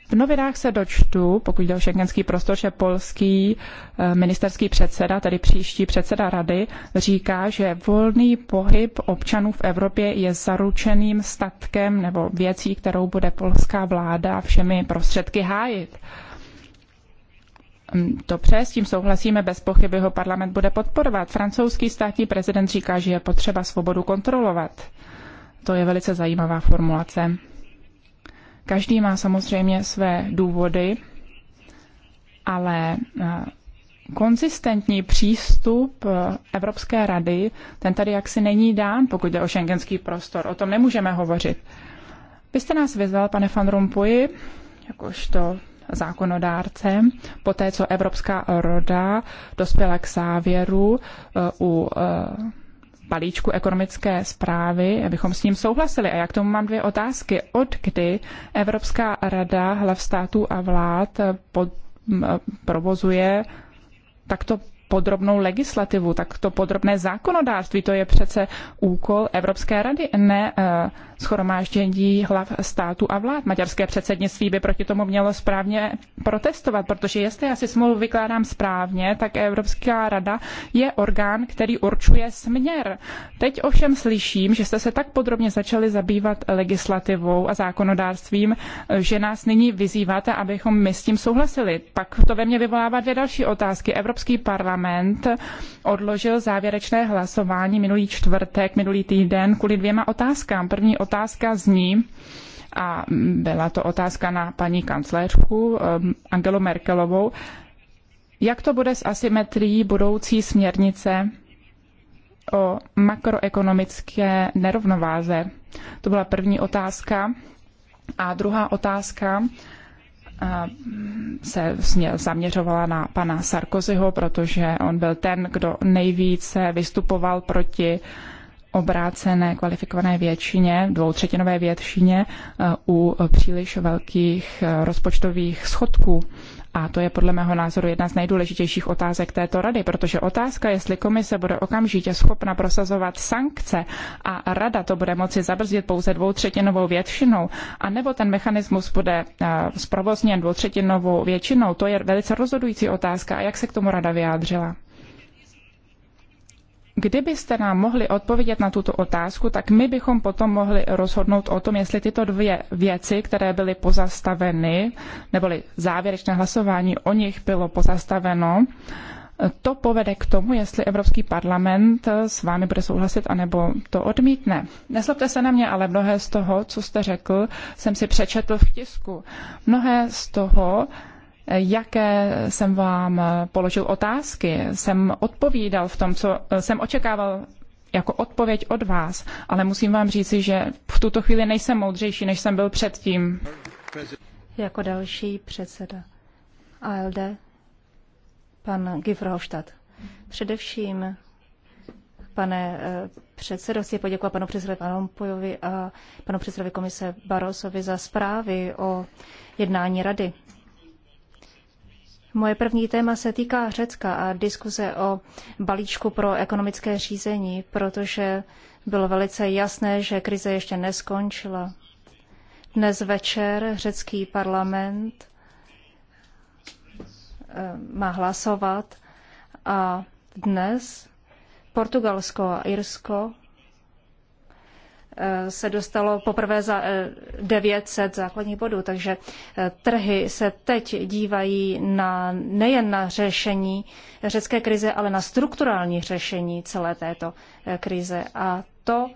V novinách se dočtu, pokud jde o šengenský prostor, že polský eh, ministerský předseda, tedy příští předseda rady, říká, že volný pohyb občanů v Evropě je zaručeným statkem nebo věcí, kterou bude polská vláda všemi prostředky hájit. Hm, dobře, s tím souhlasíme, bez pochyby ho parlament bude podporovat. Francouzský státní prezident říká, že je potřeba svobodu kontrolovat. To je velice zajímavá formulace. Každý má samozřejmě své důvody, ale eh, konzistentní přístup eh, Evropské rady, ten tady jaksi není dán, pokud jde o šengenský prostor. O tom nemůžeme hovořit. Vy jste nás vyzval, pane Van Rompuy, jakožto zákonodárce, poté co Evropská roda dospěla k závěru eh, u balíčku ekonomické zprávy, abychom s ním souhlasili. A já k tomu mám dvě otázky. Od kdy Evropská rada hlav států a vlád pod, provozuje takto podrobnou legislativu, tak to podrobné zákonodárství, to je přece úkol Evropské rady, ne eh, schromáždění hlav států a vlád. Maďarské předsednictví by proti tomu mělo správně protestovat, protože jestli já si smlouvu vykládám správně, tak Evropská rada je orgán, který určuje směr. Teď ovšem slyším, že jste se tak podrobně začali zabývat legislativou a zákonodárstvím, eh, že nás nyní vyzýváte, abychom my s tím souhlasili. Pak to ve mně vyvolává dvě další otázky. Evropský parlament parlament odložil závěrečné hlasování minulý čtvrtek, minulý týden, kvůli dvěma otázkám. První otázka zní, a byla to otázka na paní kancléřku um, Angelu Merkelovou, jak to bude s asymetrií budoucí směrnice o makroekonomické nerovnováze? To byla první otázka. A druhá otázka se zaměřovala na pana Sarkozyho, protože on byl ten, kdo nejvíce vystupoval proti obrácené kvalifikované většině, dvoutřetinové většině u příliš velkých rozpočtových schodků. A to je podle mého názoru jedna z nejdůležitějších otázek této rady, protože otázka, jestli komise bude okamžitě schopna prosazovat sankce a rada to bude moci zabrzdit pouze dvoutřetinovou většinou, anebo ten mechanismus bude eh, zprovozněn dvoutřetinovou většinou, to je velice rozhodující otázka. A jak se k tomu rada vyjádřila? Kdybyste nám mohli odpovědět na tuto otázku, tak my bychom potom mohli rozhodnout o tom, jestli tyto dvě věci, které byly pozastaveny, neboli závěrečné hlasování o nich bylo pozastaveno, to povede k tomu, jestli Evropský parlament s vámi bude souhlasit, anebo to odmítne. Neslepte se na mě, ale mnohé z toho, co jste řekl, jsem si přečetl v tisku. Mnohé z toho jaké jsem vám položil otázky. Jsem odpovídal v tom, co jsem očekával jako odpověď od vás, ale musím vám říci, že v tuto chvíli nejsem moudřejší, než jsem byl předtím. Jako další předseda ALD, pan Gifrohoštad. Především, pane eh, předsedo, chci poděkovat panu předsedovi Alompojovi a panu předsedovi komise Barosovi za zprávy o jednání rady. Moje první téma se týká Řecka a diskuze o balíčku pro ekonomické řízení, protože bylo velice jasné, že krize ještě neskončila. Dnes večer řecký parlament eh, má hlasovat a dnes Portugalsko a Irsko Eh, se dostalo poprvé za 900 eh, základních bodů. Takže eh, trhy se teď dívají na, nejen na řešení řecké krize, ale na strukturální řešení celé této krize. A to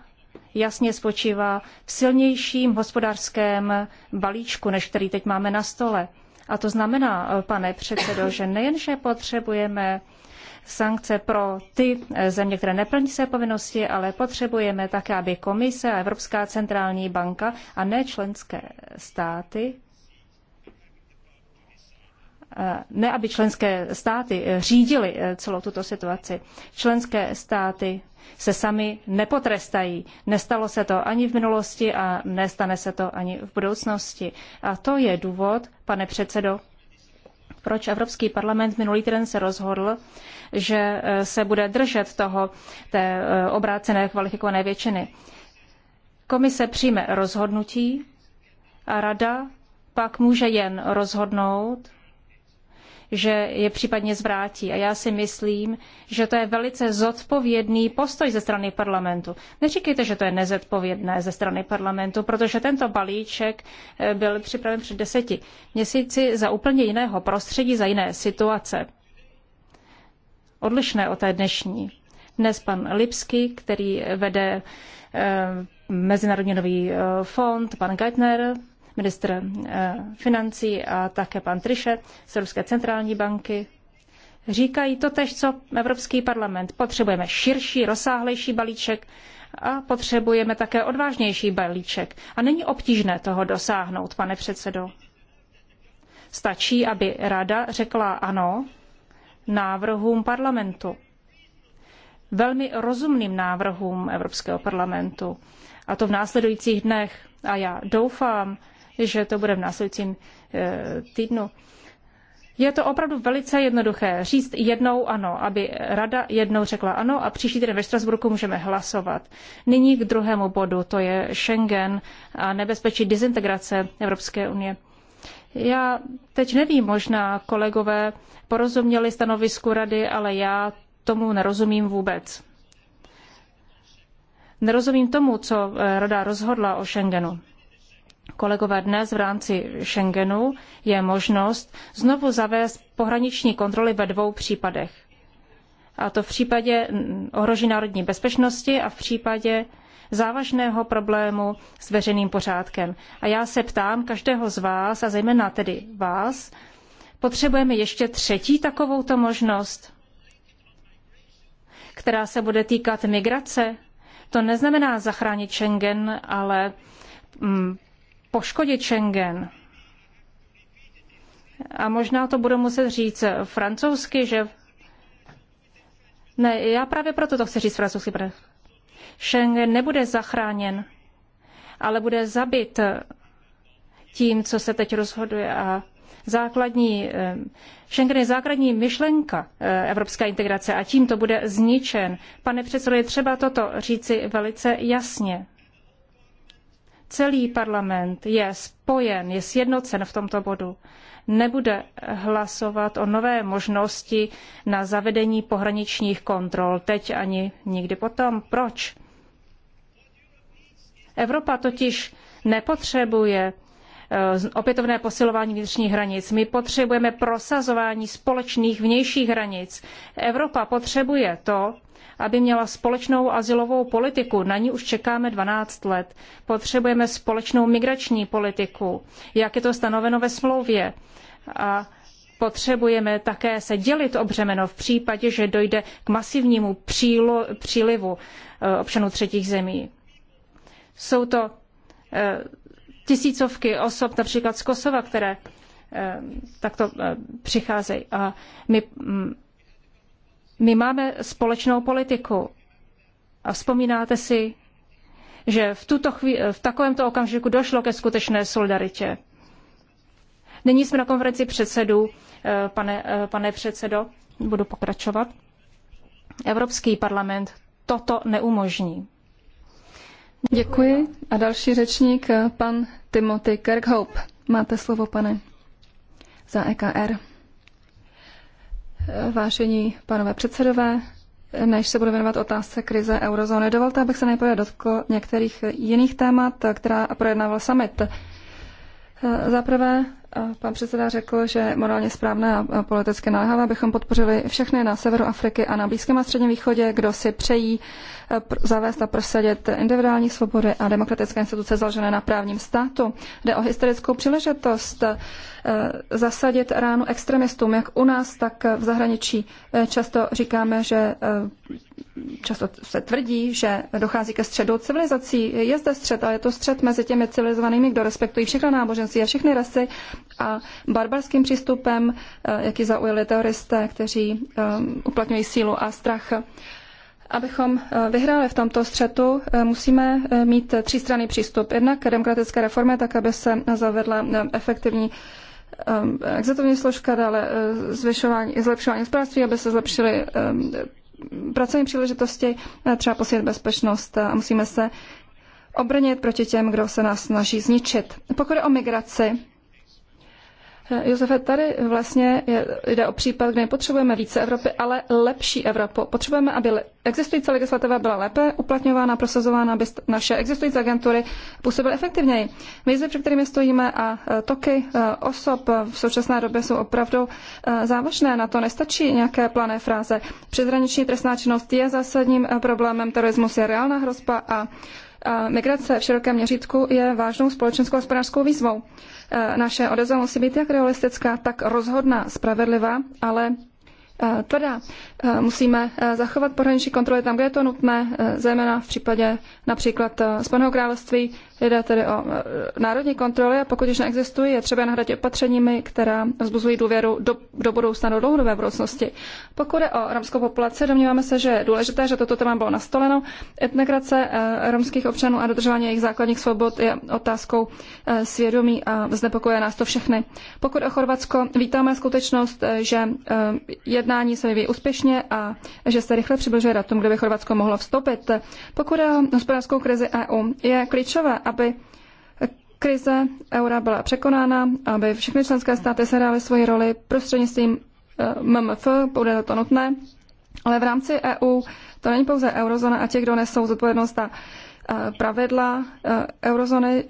jasně spočívá v silnějším hospodářském balíčku, než který teď máme na stole. A to znamená, pane předsedo, že nejenže potřebujeme sankce pro ty eh, země, které neplní své povinnosti, ale potřebujeme také, aby komise a Evropská centrální banka a ne členské státy eh, ne aby členské státy eh, řídily celou tuto situaci. Členské státy se sami nepotrestají. Nestalo se to ani v minulosti a nestane se to ani v budoucnosti. A to je důvod, pane předsedo, proč Evropský parlament minulý týden se rozhodl, že eh, se bude držet toho té eh, obrácené kvalifikované většiny. Komise přijme rozhodnutí a rada pak může jen rozhodnout že je případně zvrátí. A já si myslím, že to je velice zodpovědný postoj ze strany parlamentu. Neříkejte, že to je nezodpovědné ze strany parlamentu, protože tento balíček eh, byl připraven před deseti měsíci za úplně jiného prostředí, za jiné situace. Odlišné od té dnešní. Dnes pan Lipsky, který vede eh, Mezinárodní nový eh, fond, pan Geithner, ministr eh, financí a také pan Triše z Evropské centrální banky, říkají to tež, co Evropský parlament. Potřebujeme širší, rozsáhlejší balíček a potřebujeme také odvážnější balíček. A není obtížné toho dosáhnout, pane předsedo. Stačí, aby rada řekla ano návrhům parlamentu. Velmi rozumným návrhům Evropského parlamentu. A to v následujících dnech. A já doufám, že to bude v následujícím eh, týdnu. Je to opravdu velice jednoduché říct jednou ano, aby rada jednou řekla ano a příští týden ve Štrasburku můžeme hlasovat. Nyní k druhému bodu, to je Schengen a nebezpečí dezintegrace Evropské unie. Já teď nevím, možná kolegové porozuměli stanovisku rady, ale já tomu nerozumím vůbec. Nerozumím tomu, co eh, rada rozhodla o Schengenu. Kolegové, dnes v rámci Schengenu je možnost znovu zavést pohraniční kontroly ve dvou případech. A to v případě ohrožení národní bezpečnosti a v případě závažného problému s veřejným pořádkem. A já se ptám každého z vás, a zejména tedy vás, potřebujeme ještě třetí takovouto možnost, která se bude týkat migrace. To neznamená zachránit Schengen, ale mm, poškodit Schengen. A možná to budu muset říct francouzsky, že... Ne, já právě proto to chci říct francouzsky. Schengen nebude zachráněn, ale bude zabit tím, co se teď rozhoduje. A základní, eh, Schengen je základní myšlenka eh, evropské integrace a tím to bude zničen. Pane předsedo, je třeba toto říci velice jasně. Celý parlament je spojen, je sjednocen v tomto bodu. Nebude hlasovat o nové možnosti na zavedení pohraničních kontrol teď ani nikdy potom. Proč? Evropa totiž nepotřebuje eh, opětovné posilování vnitřních hranic. My potřebujeme prosazování společných vnějších hranic. Evropa potřebuje to, aby měla společnou asilovou politiku. Na ní už čekáme 12 let. Potřebujeme společnou migrační politiku, jak je to stanoveno ve smlouvě. A potřebujeme také se dělit o břemeno v případě, že dojde k masivnímu přílo, přílivu eh, občanů třetích zemí. Jsou to eh, tisícovky osob, například z Kosova, které eh, takto přicházejí. A my mm, my máme společnou politiku. A vzpomínáte si, že v, tuto chvíli, v takovémto okamžiku došlo ke skutečné solidaritě. Nyní jsme na konferenci předsedů, eh, pane, eh, pane předsedo, budu pokračovat. Evropský parlament toto neumožní. Děkuji. A další řečník, eh, pan Timothy Kirkhope. Máte slovo, pane, za EKR. Vážení pánové předsedové, než se budu věnovat otázce krize eurozóny, dovolte, abych se nejprve dotkl některých jiných témat, která projednával summit. Za prvé Pan předseda řekl, že morálně správné a politicky naléhavé, abychom podpořili všechny na severu Afriky a na Blízkém a Středním východě, kdo si přejí e, zavést a prosadit individuální svobody a demokratické instituce založené na právním státu. Jde o historickou příležitost e, zasadit ránu extremistům, jak u nás, tak v zahraničí. E, často říkáme, že často se tvrdí, že dochází ke středu civilizací. Je zde střed, ale je to střed mezi těmi civilizovanými, kdo respektují všechna náboženství a všechny rasy a barbarským přístupem, eh, jaký zaujali teoristé, kteří eh, uplatňují sílu a strach. Abychom eh, vyhráli v tomto střetu, musíme mít třístranný přístup. Jednak k demokratické reformě, tak aby se zavedla efektivní exotovní složka, dále zvyšování, zlepšování hospodářství, aby se zlepšily pracovní příležitosti, třeba posílit bezpečnost a musíme se obrnit proti těm, kdo se nás snaží zničit. Pokud je o migraci, Eh, Josefe, tady vlastně jde o případ, kde nepotřebujeme více Evropy, ale lepší Evropu. Potřebujeme, aby existující legislativa byla lépe uplatňována, prosazována, aby naše existující agentury působily efektivněji. Výzvy, před kterými stojíme a eh, toky eh, osob v současné době jsou opravdu závažné. Na to nestačí nějaké plané fráze. Přezraniční trestná činnost je zásadním problémem, terorismus je reálná hrozba a a migrace v širokém měřítku je vážnou společenskou hospodářskou výzvou. E, naše odezva musí být jak realistická, tak rozhodná, spravedlivá, ale e, tvrdá. E, musíme zachovat pohraniční kontroly tam, kde je to nutné, zejména v případě například Spojeného království, Jde tedy o e, národní kontroly a pokud již neexistují, je třeba nahradit opatřeními, která vzbuzují důvěru do, do budoucna, do dlouhodobé budoucnosti. Pokud je o romskou populaci, domníváme se, že je důležité, že toto téma bylo nastoleno. Etnokrace e, romských občanů a dodržování jejich základních svobod je otázkou e, svědomí a znepokojuje nás to všechny. Pokud o Chorvatsko, vítáme skutečnost, že jednání se vyvíjí úspěšně a že se rychle přibližuje datum, kde by Chorvatsko mohlo vstoupit. Pokud je o hospodářskou krizi EU, je klíčové, aby krize eura byla překonána, aby všechny členské státy se hrály svoji roli prostřednictvím eh, MMF, bude to nutné, ale v rámci EU to není pouze eurozóna a ti, kdo nesou zodpovědnost za eh, pravidla eh, eurozóny,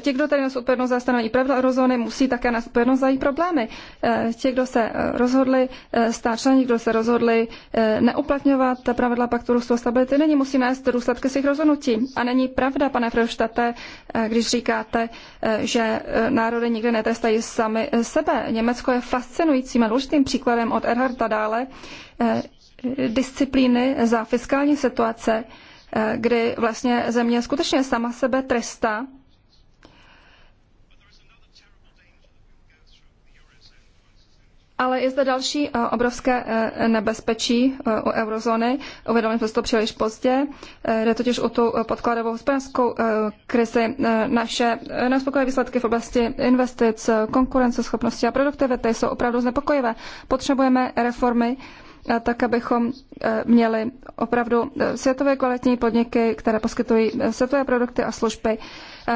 ti, kdo tady nesou odpovědnost za stanovení pravidla eurozóny, musí také na odpovědnost za její problémy. Eh, ti, kdo se eh, rozhodli eh, stát členi, kdo se rozhodli neuplatňovat pravidla paktu růstu a stability, není musí nést důsledky svých rozhodnutí. A není pravda, pane Freustate, když říkáte, že národy nikdy netrestají sami sebe. Německo je fascinujícím a důležitým příkladem od Erharda dále disciplíny za fiskální situace, kdy vlastně země skutečně sama sebe trestá Ale je zde další eh, obrovské eh, nebezpečí eh, u eurozóny. Uvědomili jsme to příliš pozdě. Jde totiž o tu podkladovou hospodářskou krizi. Naše neuspokojivé výsledky v oblasti investic, konkurenceschopnosti a produktivity jsou opravdu znepokojivé. Potřebujeme reformy, tak abychom měli opravdu světově kvalitní podniky, které poskytují světové produkty a služby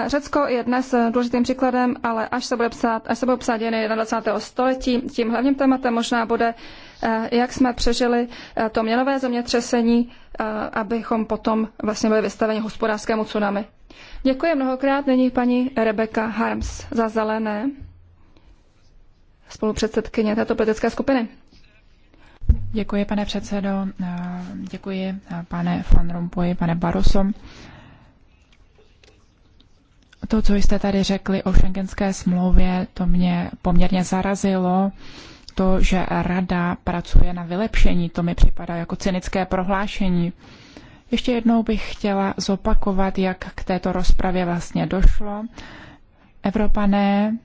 Řecko je dnes důležitým příkladem, ale až se bude psát, až se budou psát dějiny 21. století, tím hlavním tématem možná bude, eh, jak jsme přežili eh, to měnové zemětřesení, eh, abychom potom vlastně byli vystaveni hospodářskému tsunami. Děkuji mnohokrát. Nyní paní Rebecca Harms za zelené spolupředsedkyně této politické skupiny. Děkuji, pane předsedo. Děkuji, pane Van Rompuy, pane Barosom. To, co jste tady řekli o šengenské smlouvě, to mě poměrně zarazilo. To, že rada pracuje na vylepšení, to mi připadá jako cynické prohlášení. Ještě jednou bych chtěla zopakovat, jak k této rozpravě vlastně došlo. Evropané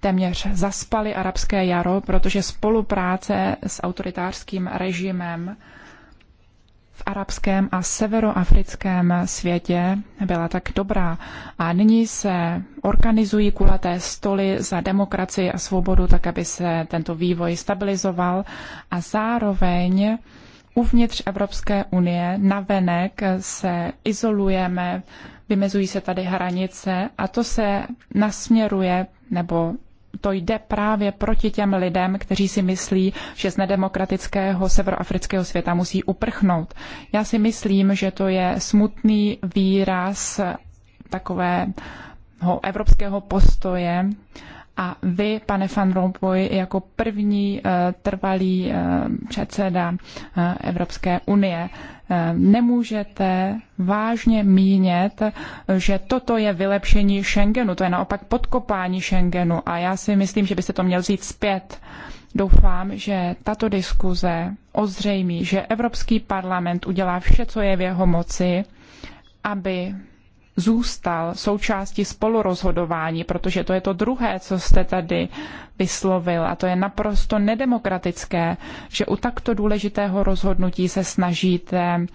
téměř zaspali arabské jaro, protože spolupráce s autoritářským režimem v arabském a severoafrickém světě byla tak dobrá. A nyní se organizují kulaté stoly za demokracii a svobodu, tak aby se tento vývoj stabilizoval a zároveň uvnitř Evropské unie navenek se izolujeme, vymezují se tady hranice a to se nasměruje nebo to jde právě proti těm lidem, kteří si myslí, že z nedemokratického severoafrického světa musí uprchnout. Já si myslím, že to je smutný výraz takového evropského postoje, a vy, pane Van Rompuy, jako první eh, trvalý eh, předseda eh, Evropské unie, nemůžete vážně mínět, že toto je vylepšení Schengenu, to je naopak podkopání Schengenu a já si myslím, že byste to měl vzít zpět. Doufám, že tato diskuze ozřejmí, že Evropský parlament udělá vše, co je v jeho moci, aby zůstal součástí spolurozhodování, protože to je to druhé, co jste tady vyslovil a to je naprosto nedemokratické, že u takto důležitého rozhodnutí se snažíte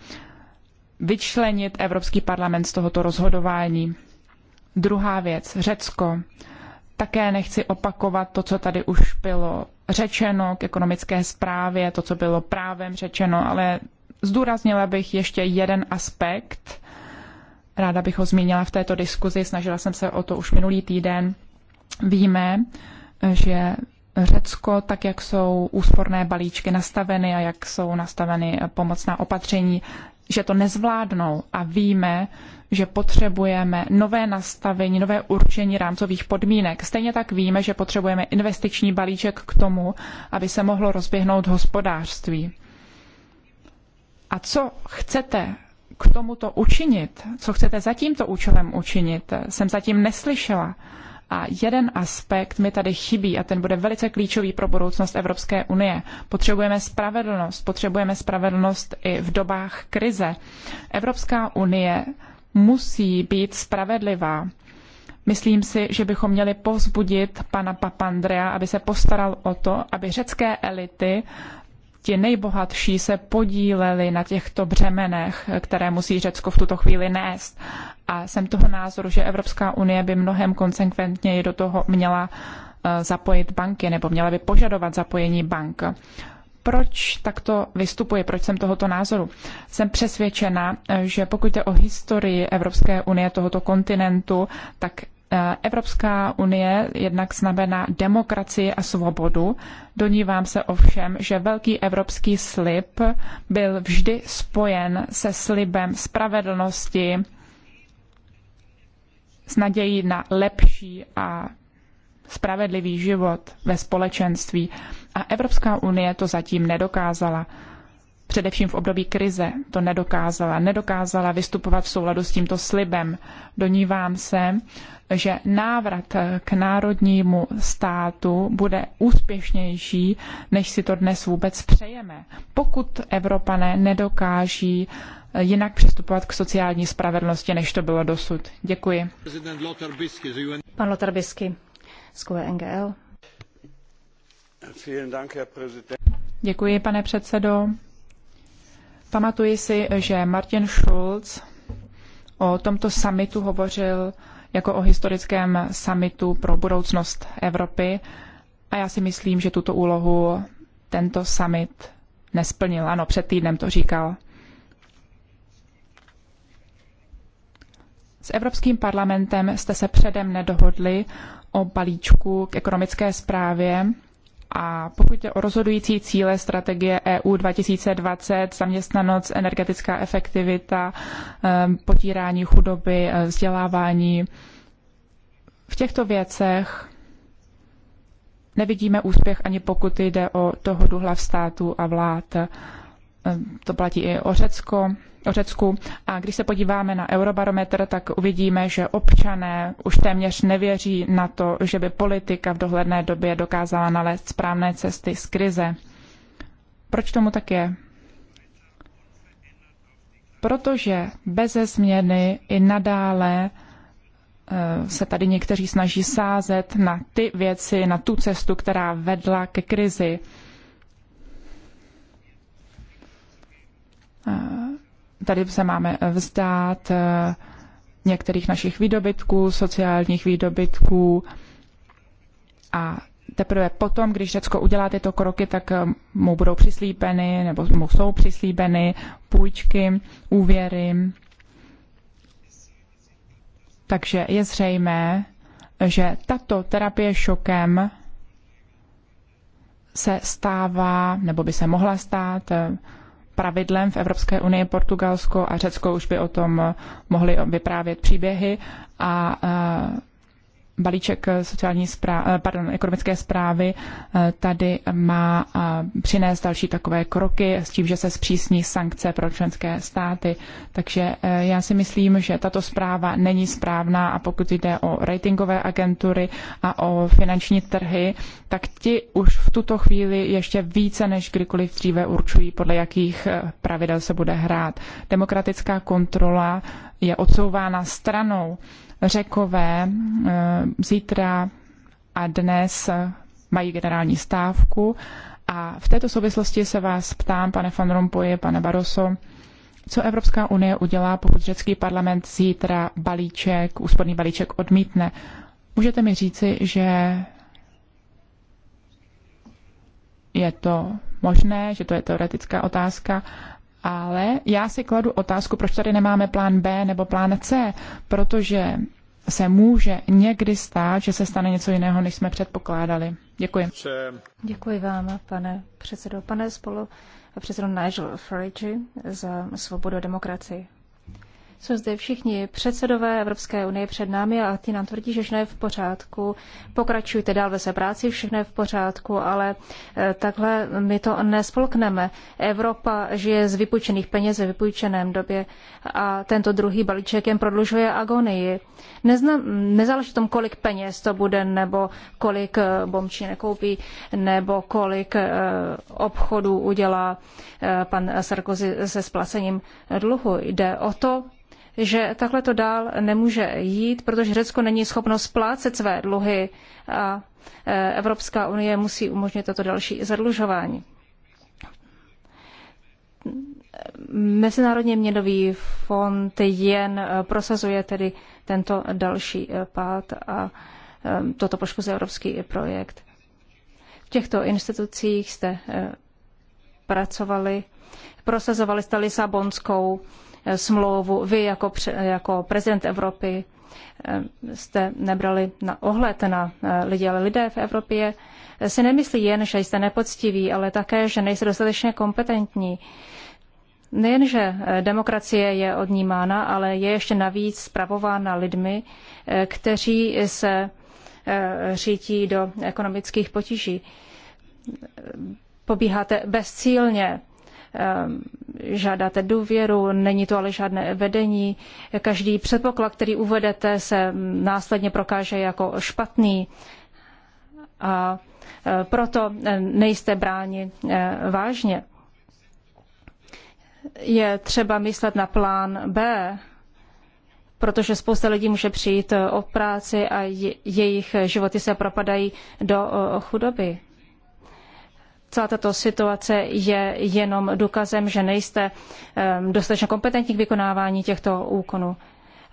vyčlenit Evropský parlament z tohoto rozhodování. Druhá věc, Řecko. Také nechci opakovat to, co tady už bylo řečeno k ekonomické zprávě, to, co bylo právem řečeno, ale zdůraznila bych ještě jeden aspekt, Ráda bych ho zmínila v této diskuzi, snažila jsem se o to už minulý týden. Víme, že Řecko, tak jak jsou úsporné balíčky nastaveny a jak jsou nastaveny pomocná opatření, že to nezvládnou a víme, že potřebujeme nové nastavení, nové určení rámcových podmínek. Stejně tak víme, že potřebujeme investiční balíček k tomu, aby se mohlo rozběhnout hospodářství. A co chcete k tomuto učinit, co chcete za tímto účelem učinit, jsem zatím neslyšela. A jeden aspekt mi tady chybí a ten bude velice klíčový pro budoucnost Evropské unie. Potřebujeme spravedlnost, potřebujeme spravedlnost i v dobách krize. Evropská unie musí být spravedlivá. Myslím si, že bychom měli povzbudit pana Papandrea, aby se postaral o to, aby řecké elity ti nejbohatší se podíleli na těchto břemenech, které musí Řecko v tuto chvíli nést. A jsem toho názoru, že Evropská unie by mnohem konsekventněji do toho měla eh, zapojit banky nebo měla by požadovat zapojení bank. Proč takto vystupuji, proč jsem tohoto názoru? Jsem přesvědčena, eh, že pokud je o historii Evropské unie tohoto kontinentu, tak Evropská unie jednak znamená demokracii a svobodu. Donívám se ovšem, že velký evropský slib byl vždy spojen se slibem spravedlnosti s nadějí na lepší a spravedlivý život ve společenství. A Evropská unie to zatím nedokázala především v období krize, to nedokázala. Nedokázala vystupovat v souladu s tímto slibem. Donívám se, že návrat k národnímu státu bude úspěšnější, než si to dnes vůbec přejeme. Pokud Evropané nedokáží jinak přistupovat k sociální spravedlnosti, než to bylo dosud. Děkuji. Pan Lothar Bisky z NGL. Děkuji, pane předsedo. Pamatuji si, že Martin Schulz o tomto summitu hovořil jako o historickém summitu pro budoucnost Evropy a já si myslím, že tuto úlohu tento summit nesplnil. Ano, před týdnem to říkal. S Evropským parlamentem jste se předem nedohodli o balíčku k ekonomické zprávě a pokud je o rozhodující cíle strategie EU 2020, zaměstnanost, energetická efektivita, ehm, potírání chudoby, eh, vzdělávání, v těchto věcech nevidíme úspěch ani pokud jde o dohodu hlav států a vlád. Ehm, to platí i o Řecko, o Řecku. A když se podíváme na Eurobarometr, tak uvidíme, že občané už téměř nevěří na to, že by politika v dohledné době dokázala nalézt správné cesty z krize. Proč tomu tak je? Protože beze změny i nadále eh, se tady někteří snaží sázet na ty věci, na tu cestu, která vedla ke krizi. Eh, tady se máme eh, vzdát eh, některých našich výdobytků, sociálních výdobytků a teprve potom, když Řecko udělá tyto kroky, tak eh, mu budou přislíbeny nebo mu jsou přislíbeny půjčky, úvěry. Takže je zřejmé, že tato terapie šokem se stává, nebo by se mohla stát pravidlem v Evropské unii. Portugalsko a Řecko už by o tom mohli vyprávět příběhy a balíček eh, sociální zpráv, eh, pardon, ekonomické zprávy eh, tady má přinést další takové kroky s tím, že se zpřísní sankce pro členské státy. Takže já si myslím, že tato zpráva není správná a pokud jde o ratingové agentury a o finanční trhy, tak ti už v tuto chvíli ještě více než kdykoliv dříve určují, podle jakých pravidel se bude hrát. Demokratická kontrola je odsouvána stranou. Řekové eh, zítra a dnes mají generální stávku a v této souvislosti se vás ptám, pane Van Rompuy, pane Barroso, co Evropská unie udělá, pokud řecký parlament zítra balíček, úsporný balíček odmítne. Můžete mi říci, že je to možné, že to je teoretická otázka, ale já si kladu otázku, proč tady nemáme plán B nebo plán C, protože se může někdy stát, že se stane něco jiného, než jsme předpokládali. Děkuji. Děkuji vám, pane předsedo. Pane spolu předsedo Nigel Farage za svobodu a demokracii. Jsou zde všichni předsedové Evropské unie před námi a ty nám tvrdí, že všechno je v pořádku. Pokračujte dál ve své práci, všechno je v pořádku, ale eh, takhle my to nespolkneme. Evropa žije z vypůjčených peněz ve vypůjčeném době a tento druhý balíček jen prodlužuje agonii. Neznam, nezáleží tom, kolik peněz to bude, nebo kolik eh, bomčí nekoupí, nebo kolik eh, obchodů udělá pan Sarkozy se splacením dluhu. Jde o to, že takhle to dál nemůže jít, protože Řecko není schopno splácet své dluhy a e, Evropská unie musí umožnit toto další zadlužování. Mezinárodní měnový fond jen e, prosazuje tedy tento další e, pád a toto poškozuje evropský projekt. V těchto institucích jste pracovali, prosazovali jste Lisabonskou smlouvu. Vy jako, jako prezident Evropy eh, jste nebrali na ohled na eh, lidi, ale lidé v Evropě eh, si nemyslí jen, že jste nepoctiví, ale také, že nejste dostatečně kompetentní. Nejenže demokracie je odnímána, ale je ještě navíc spravována lidmi, kteří se řítí do ekonomických potíží. Pobíháte bezcílně Ehm, žádáte důvěru, není to ale žádné vedení. Každý předpoklad, který uvedete, se následně prokáže jako špatný. A e, proto e, nejste bráni e, vážně. Je třeba myslet na plán B, protože spousta lidí může přijít o práci a jejich životy se propadají do chudoby celá tato situace je jenom důkazem, že nejste ehm, dostatečně kompetentní k vykonávání těchto úkonů.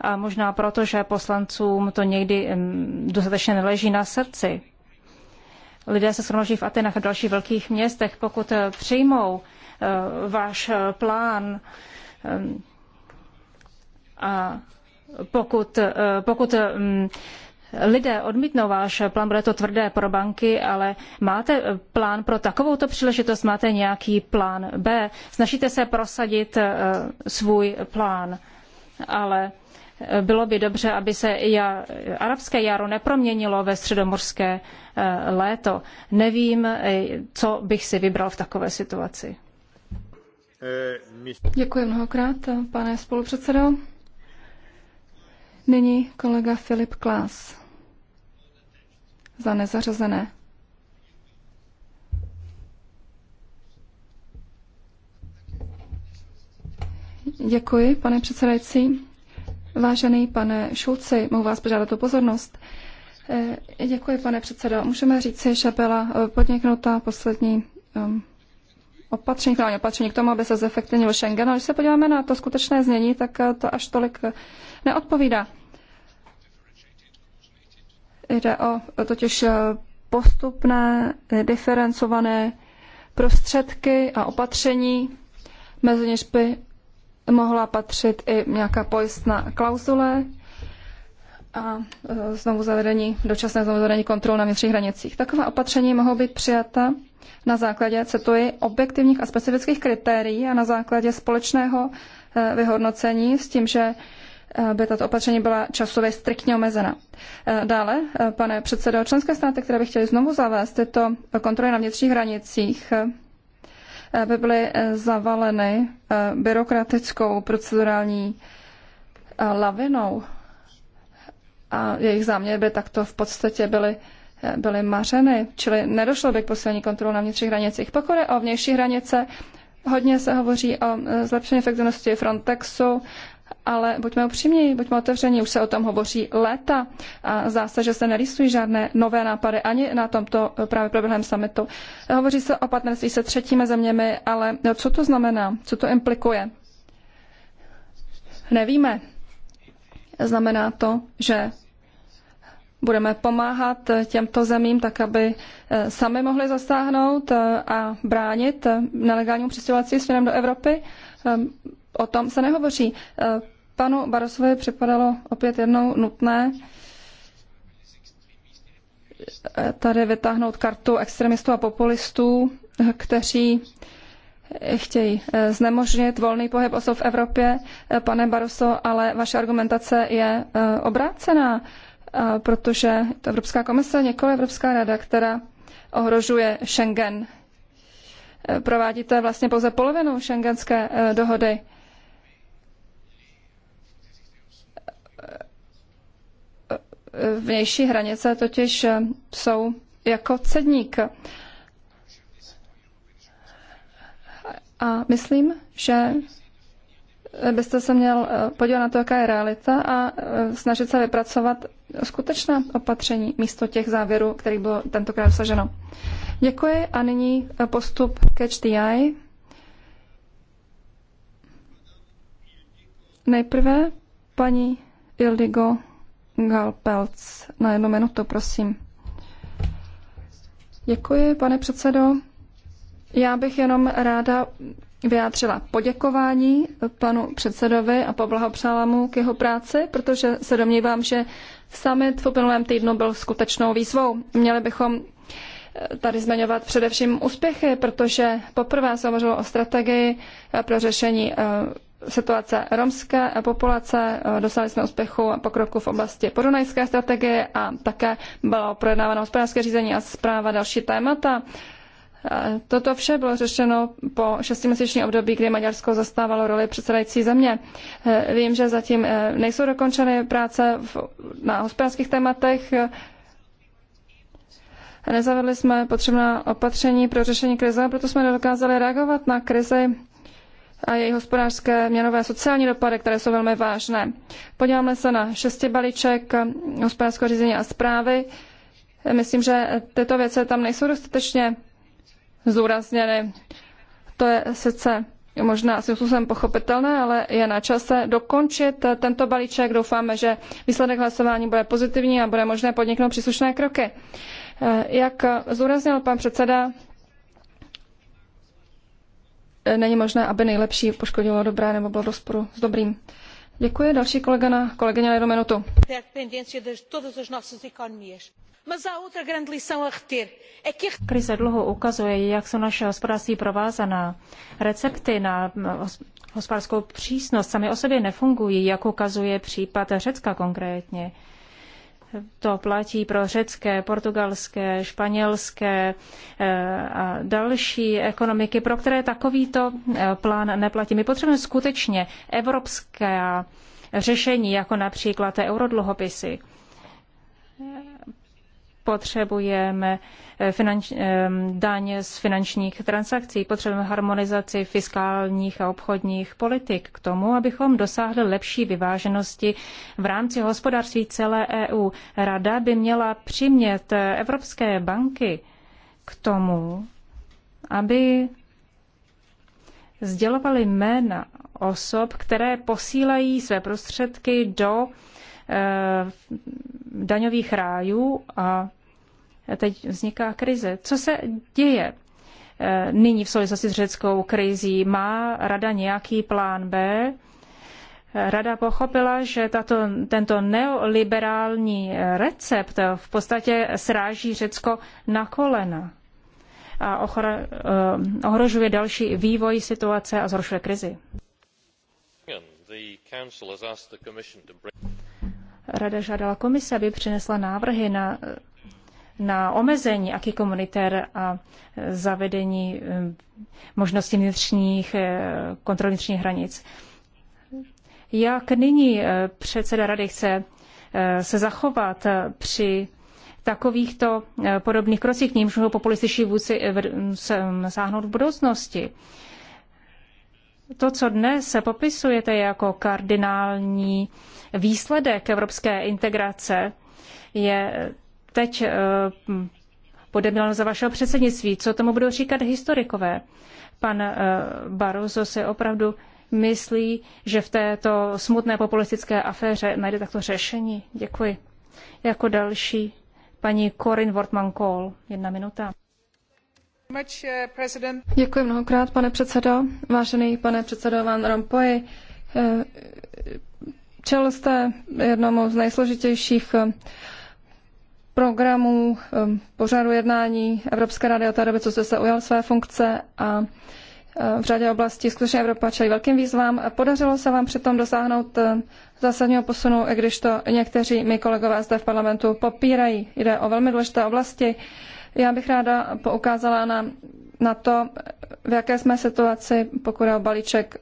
A možná proto, že poslancům to někdy ehm, dostatečně neleží na srdci. Lidé se shromaždí v Atenách a dalších velkých městech. Pokud eh, přijmou eh, váš eh, plán ehm, a pokud, pokud lidé odmítnou váš plán, bude to tvrdé pro banky, ale máte plán pro takovouto příležitost, máte nějaký plán B, snažíte se prosadit eh, svůj plán, ale eh, bylo by dobře, aby se já arabské jaro neproměnilo ve středomorské eh, léto. Nevím, co bych si vybral v takové situaci. Děkuji mnohokrát, pane spolupředsedo. Nyní kolega Filip Klás za nezařazené. Děkuji, pane předsedající. Vážený pane Šulci, mohu vás požádat o pozornost. Eh, děkuji, pane předsedo. Můžeme říci, že byla eh, podniknuta poslední ehm, opatření, finální opatření k tomu, aby se zefektivnil Schengen. Ale když se podíváme na to skutečné znění, tak eh, to až tolik neodpovídá. Jde o totiž eh, postupné, eh, diferencované prostředky a opatření, mezi něž by mohla patřit i nějaká pojistná klauzule a eh, znovu zavedení, dočasné znovu zavedení kontrol na vnitřních hranicích. Taková opatření mohou být přijata na základě, cituji, objektivních a specifických kritérií a na základě společného vyhodnocení s tím, že aby eh, tato opatření byla časově striktně omezena. Eh, dále, eh, pane předsedo, členské státy, které by chtěly znovu zavést tyto kontroly na vnitřních hranicích, by byly zavaleny byrokratickou procedurální lavinou a jejich záměry by takto v podstatě byly byly mařeny, čili nedošlo by k posílení kontrol na vnitřních hranicích. Pokud je o vnější hranice, hodně se hovoří o zlepšení efektivnosti Frontexu ale buďme upřímní, buďme otevření, už se o tom hovoří léta a zdá se, že se nerýsují žádné nové nápady ani na tomto eh, právě proběhlém summitu. Hovoří se o partnerství se třetími zeměmi, ale co to znamená, co to implikuje? Nevíme. Znamená to, že budeme pomáhat těmto zemím tak, aby eh, sami mohli zasáhnout eh, a bránit nelegálnímu přistěhovací směrem do Evropy ehm, o tom se nehovoří. Eh, panu Barosovi připadalo opět jednou nutné eh, tady vytáhnout kartu extremistů a populistů, eh, kteří chtějí znemožnit volný pohyb osob v Evropě. Pane Baroso, ale vaše argumentace je obrácená, protože to Evropská komise, nikoli Evropská rada, která ohrožuje Schengen. Provádíte vlastně pouze polovinu šengenské dohody. vnější hranice totiž jsou jako cedník. A myslím, že byste se měl podívat na to, jaká je realita a snažit se vypracovat skutečná opatření místo těch závěrů, který bylo tentokrát dosaženo. Děkuji a nyní postup Catch the Eye. Nejprve paní Ildigo Galpelc. Na jednu minutu, prosím. Děkuji, pane předsedo. Já bych jenom ráda vyjádřila poděkování panu předsedovi a poblahopřála mu k jeho práci, protože se domnívám, že summit v uplynulém týdnu byl skutečnou výzvou. Měli bychom eh, tady zmiňovat především úspěchy, protože poprvé se hovořilo o strategii pro řešení eh, situace romské populace. Dosáhli jsme úspěchu a pokroku v oblasti podunajské strategie a také bylo projednáváno hospodářské řízení a zpráva další témata. Toto vše bylo řešeno po šestiměsíční období, kdy Maďarsko zastávalo roli předsedající země. Vím, že zatím nejsou dokončeny práce na hospodářských tématech. Nezavedli jsme potřebná opatření pro řešení krize, proto jsme nedokázali reagovat na krizi a její hospodářské, měnové a sociální dopady, které jsou velmi vážné. Podíváme se na šesti balíček hospodářského řízení a zprávy. Myslím, že tyto věci tam nejsou dostatečně zúrazněny. To je sice možná si způsobem pochopitelné, ale je na čase dokončit tento balíček. Doufáme, že výsledek hlasování bude pozitivní a bude možné podniknout příslušné kroky. Jak zúraznil pan předseda, není možné, aby nejlepší poškodilo dobré nebo bylo v rozporu s dobrým. Děkuji. Další kolega na kolegyně na jednu minutu. Krize dlouho ukazuje, jak jsou naše hospodářství provázaná. Recepty na hm, hospodářskou přísnost sami o sobě nefungují, jak ukazuje případ Řecka konkrétně. To platí pro řecké, portugalské, španělské eh, a další ekonomiky, pro které takovýto eh, plán neplatí. My potřebujeme skutečně evropské řešení, jako například eurodluhopisy Potřebujeme eh, finanč, eh, daň z finančních transakcí, potřebujeme harmonizaci fiskálních a obchodních politik k tomu, abychom dosáhli lepší vyváženosti v rámci hospodářství celé EU. Rada by měla přimět evropské banky k tomu, aby sdělovali jména osob, které posílají své prostředky do e, daňových rájů a teď vzniká krize. Co se děje eh, nyní v souvislosti s řeckou krizí? Má rada nějaký plán B? Rada pochopila, že tato, tento neoliberální recept v podstatě sráží Řecko na kolena a ohra, eh, ohrožuje další vývoj situace a zhoršuje krizi. Rada žádala komise, aby přinesla návrhy na eh, na omezení aký komunitér a e, zavedení e, možností vnitřních e, kontrol vnitřních hranic. Jak nyní předseda rady chce se zachovat při takovýchto podobných krocích, k nímž mohou populističní vůdci sáhnout v budoucnosti? To, co dnes se popisujete jako kardinální výsledek evropské integrace, je teď eh, podepsal za vašeho předsednictví. Co tomu budou říkat historikové? Pan eh, Barroso se opravdu myslí, že v této smutné populistické aféře najde takto řešení. Děkuji. Jako další paní Corin wortmann kohl Jedna minuta. Děkuji mnohokrát, pane předsedo. Vážený pane předsedo Van Rompuy, eh, čel jste jednomu z nejsložitějších Programu um, pořadu jednání Evropské rady od té doby, co jste se ujal své funkce a uh, v řadě oblastí skutečně Evropa čelí velkým výzvám. Podařilo se vám přitom dosáhnout uh, zásadního posunu, i když to někteří mi kolegové zde v parlamentu popírají. Jde o velmi důležité oblasti. Já bych ráda poukázala na, na to, v jaké jsme situaci, pokud je o balíček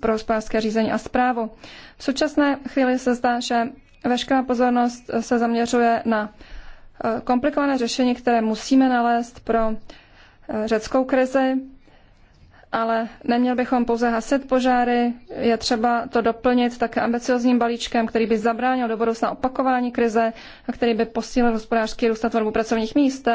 pro hospodářské řízení a zprávu. V současné chvíli se zdá, že veškerá pozornost se zaměřuje na Eh, komplikované řešení, které musíme nalézt pro eh, řeckou krizi, ale neměl bychom pouze hasit požáry, je třeba to doplnit také ambiciozním balíčkem, který by zabránil do budoucna opakování krize a který by posílil hospodářský růst a tvorbu pracovních míst.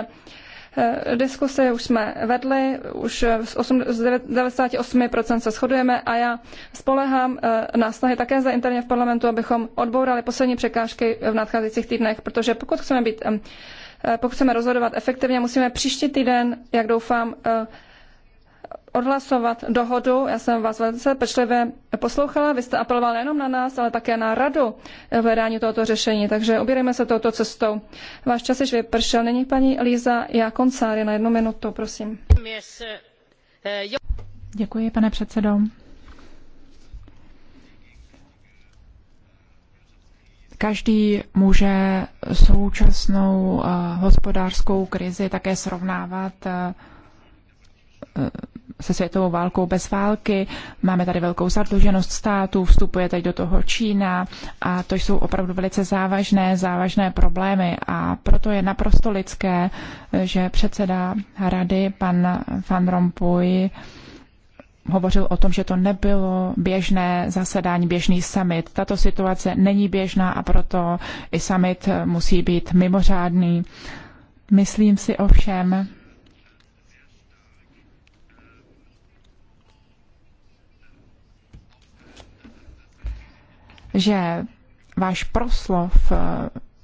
Eh, diskuse už jsme vedli, už z, 8, z 98% se shodujeme a já spolehám eh, na snahy také za interně v parlamentu, abychom odbourali poslední překážky v nadcházejících týdnech, protože pokud chceme být eh, pokud chceme rozhodovat efektivně, musíme příští týden, jak doufám, odhlasovat dohodu. Já jsem vás velice pečlivě poslouchala. Vy jste apeloval nejenom na nás, ale také na radu v hledání tohoto řešení. Takže ubírejme se touto cestou. Váš čas již vypršel. Nyní paní Líza Jakoncáry na jednu minutu, prosím. Děkuji, pane předsedo. Každý může současnou eh, hospodářskou krizi také srovnávat eh, se světovou válkou bez války, máme tady velkou zadluženost států, vstupuje teď do toho Čína a to jsou opravdu velice závažné, závažné problémy a proto je naprosto lidské, že předseda rady, pan Van Rompuy, hovořil o tom, že to nebylo běžné zasedání, běžný summit. Tato situace není běžná a proto i summit musí být mimořádný. Myslím si ovšem, že váš proslov eh,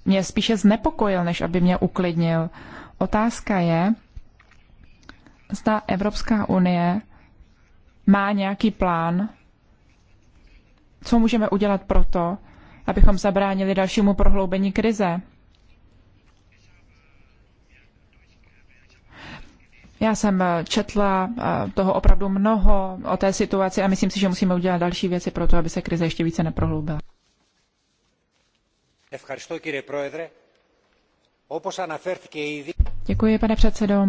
mě spíše znepokojil, než aby mě uklidnil. Otázka je, zda Evropská unie má nějaký plán, co můžeme udělat proto, abychom zabránili dalšímu prohloubení krize. Já jsem eh, četla eh, toho opravdu mnoho o té situaci a myslím si, že musíme udělat další věci pro to, aby se krize ještě více neprohloubila. Děkuji, pane předsedo.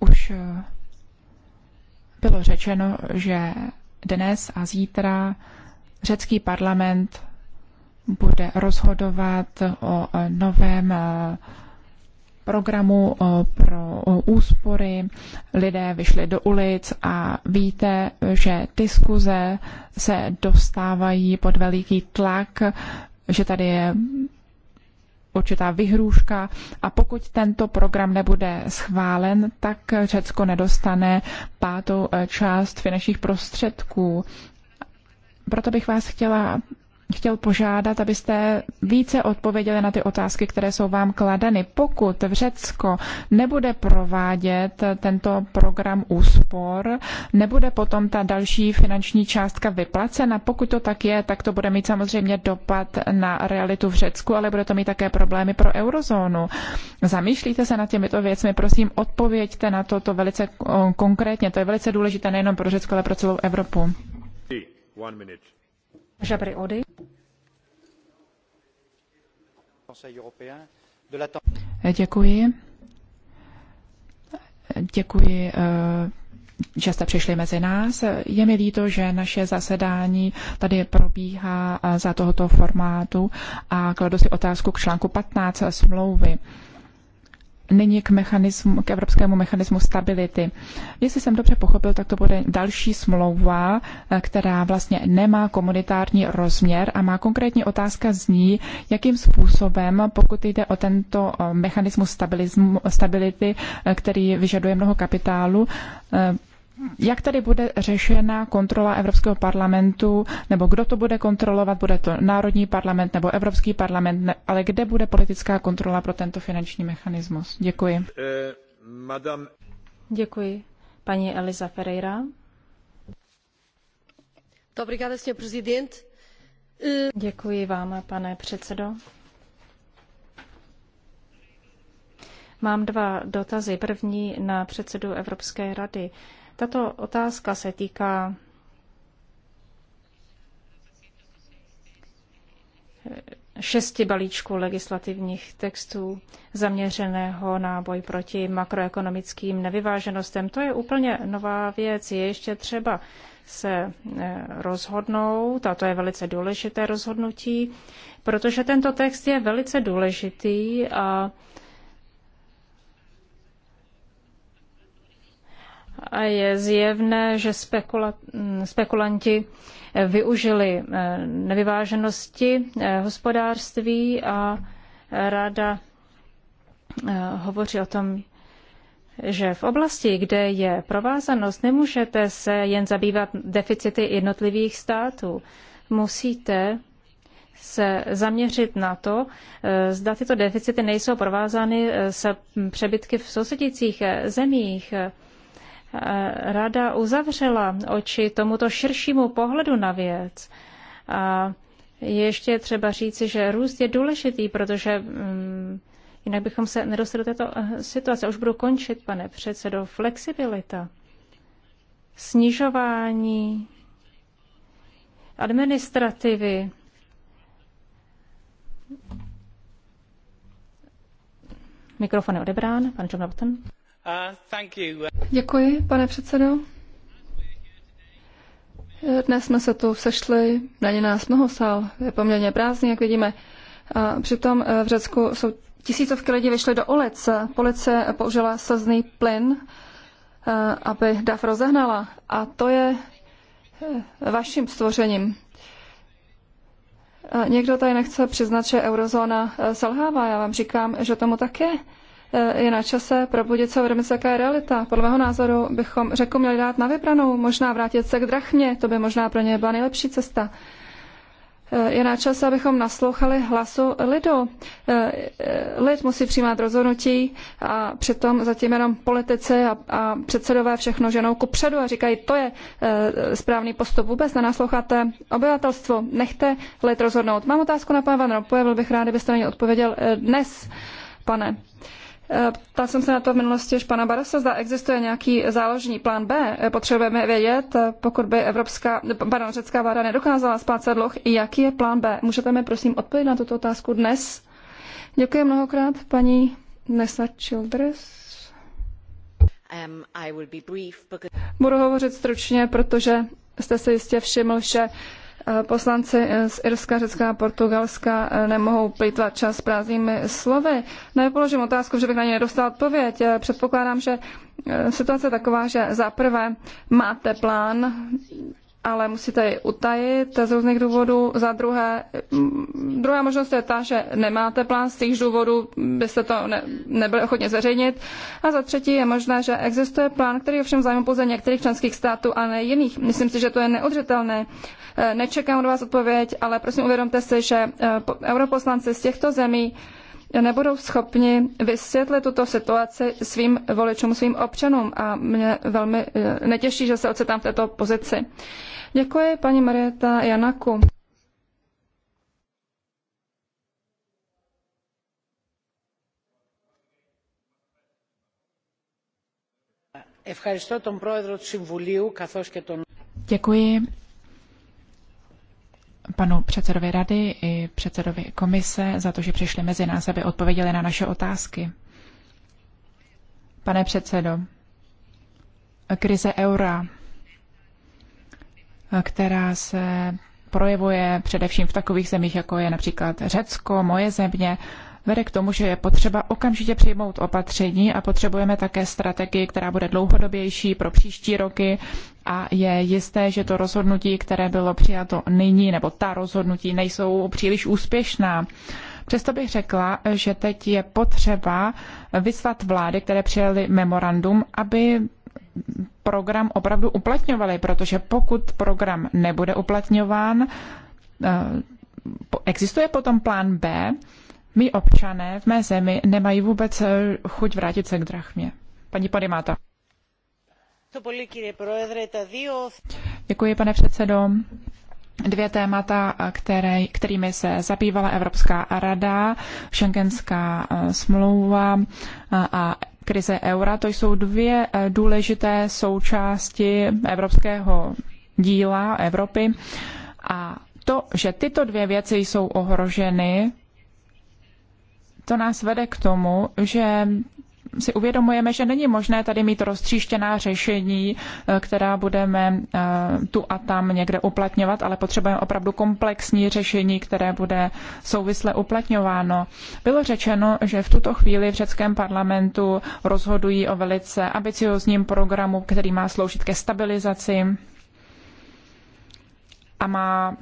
Už eh, bylo řečeno, že dnes a zítra řecký parlament bude rozhodovat o novém programu eh, pro eh, úspory, lidé vyšli do ulic a víte, že diskuze se dostávají pod veliký tlak, že tady je určitá vyhrůžka a pokud tento program nebude schválen, tak Řecko nedostane pátou eh, část finančních prostředků. Proto bych vás chtěla chtěl požádat, abyste více odpověděli na ty otázky, které jsou vám kladeny. Pokud v Řecko nebude provádět tento program úspor, nebude potom ta další finanční částka vyplacena. Pokud to tak je, tak to bude mít samozřejmě dopad na realitu v Řecku, ale bude to mít také problémy pro eurozónu. Zamýšlíte se nad těmito věcmi, prosím, odpověďte na toto to velice eh, konkrétně. To je velice důležité nejenom pro Řecko, ale pro celou Evropu. One minute. Žabry Ody. Děkuji. Děkuji, eh, že jste přišli mezi nás. Je mi líto, že naše zasedání tady probíhá eh, za tohoto formátu a kladu si otázku k článku 15 smlouvy nyní k, mechanismu, k evropskému mechanismu stability. Jestli jsem dobře pochopil, tak to bude další smlouva, eh, která vlastně nemá komunitární rozměr a má konkrétní otázka zní, jakým způsobem, pokud jde o tento eh, mechanismus stability, eh, který vyžaduje mnoho kapitálu, jak tady bude řešena kontrola Evropského parlamentu, nebo kdo to bude kontrolovat, bude to Národní parlament nebo Evropský parlament, ne, ale kde bude politická kontrola pro tento finanční mechanismus? Děkuji. Eh, madame... Děkuji. Paní Eliza Ferreira. Děkuji vám, pane předsedo. Mám dva dotazy. První na předsedu Evropské rady. Tato otázka se týká šesti balíčků legislativních textů zaměřeného na boj proti makroekonomickým nevyváženostem. To je úplně nová věc. Je ještě třeba se eh, rozhodnout, a to je velice důležité rozhodnutí, protože tento text je velice důležitý a a je zjevné, že spekula, mm, spekulanti eh, využili eh, nevyváženosti eh, hospodářství a ráda hovoří o tom, že v oblasti, kde je provázanost, nemůžete se jen zabývat deficity jednotlivých států. Musíte se zaměřit na to, zda tyto deficity nejsou provázány se přebytky v sousedících zemích. Eh, rada uzavřela oči tomuto širšímu pohledu na věc. A ještě třeba říci, že růst je důležitý, protože mm, jinak bychom se nedostali do této eh, situace. Už budu končit, pane předsedo. Flexibilita, snižování administrativy, Mikrofon je odebrán, pan John Děkuji, pane předsedo. Dnes jsme se tu sešli, není nás mnoho sál, je poměrně prázdný, jak vidíme. A přitom eh, v Řecku jsou tisícovky lidí vyšly do ulic. Policie použila slzný plyn, eh, aby DAF rozehnala. A to je eh, vaším stvořením. Někdo tady nechce přiznat, že eurozóna selhává. Já vám říkám, že tomu tak je je na čase probudit se, uvědomit se, jaká je realita. Podle mého názoru bychom řeku měli dát na vybranou, možná vrátit se k drachmě, to by možná pro ně byla nejlepší cesta. Eh, je na čase, abychom naslouchali hlasu lidu. Eh, eh, lid musí přijímat rozhodnutí a přitom zatím jenom politici a, a předsedové všechno ženou ku předu a říkají, to je správný postup. Vůbec nenasloucháte obyvatelstvo, nechte lid rozhodnout. Mám otázku na pana Van Rompuje, byl bych rád, kdybyste na ně odpověděl dnes, pane. Eh, ptal jsem se na to v minulosti už pana Barasa, zda existuje nějaký záložní plán B. Eh, potřebujeme vědět, eh, pokud by evropská, pardon, řecká vláda nedokázala splácet dluh, jaký je plán B. Můžete mi prosím odpovědět na tuto otázku dnes? Děkuji mnohokrát, paní Nessa Childers. Um, Budu hovořit stručně, protože jste si jistě všiml, že Eh, poslanci eh, z Irska, Řecka a Portugalska eh, nemohou plýtvat čas prázdnými slovy. Nepoložím no, otázku, že bych na ně nedostal odpověď. Předpokládám, že situace je taková, že za prvé máte plán, ale musíte ji utajit z různých důvodů. Za druhé, mm, druhá možnost je ta, že nemáte plán, z těch důvodů byste to ne, nebyli ochotně zveřejnit. A za třetí je možné, že existuje plán, který ovšem zájmu pouze některých členských států a ne jiných. Myslím si, že to je neodřetelné Eh, nečekám od vás odpověď, ale prosím uvědomte si, že eh, europoslanci z těchto zemí nebudou schopni vysvětlit tuto situaci svým voličům, svým občanům a mě velmi eh, netěší, že se ocitám v této pozici. Děkuji paní Marieta Janaku. Děkuji panu předsedovi rady i předsedovi komise za to, že přišli mezi nás, aby odpověděli na naše otázky. Pane předsedo, krize eura, která se projevuje především v takových zemích, jako je například Řecko, moje země, vede k tomu, že je potřeba okamžitě přijmout opatření a potřebujeme také strategii, která bude dlouhodobější pro příští roky a je jisté, že to rozhodnutí, které bylo přijato nyní, nebo ta rozhodnutí nejsou příliš úspěšná. Přesto bych řekla, že teď je potřeba vyslat vlády, které přijaly memorandum, aby program opravdu uplatňovaly, protože pokud program nebude uplatňován, eh, existuje potom plán B, Mí občané v mé zemi nemají vůbec eh, chuť vrátit se k drachmě. Paní Padimáta. Děkuji, pane předsedo. Dvě témata, eh, které, kterými se zabývala Evropská rada, Schengenská eh, smlouva a krize eura, to jsou dvě důležité součásti evropského díla Evropy. A to, že tyto dvě věci jsou ohroženy, to nás vede k tomu, že si uvědomujeme, že není možné tady mít roztříštěná řešení, eh, která budeme eh, tu a tam někde uplatňovat, ale potřebujeme opravdu komplexní řešení, které bude souvisle uplatňováno. Bylo řečeno, že v tuto chvíli v řeckém parlamentu rozhodují o velice ambiciozním programu, který má sloužit ke stabilizaci a má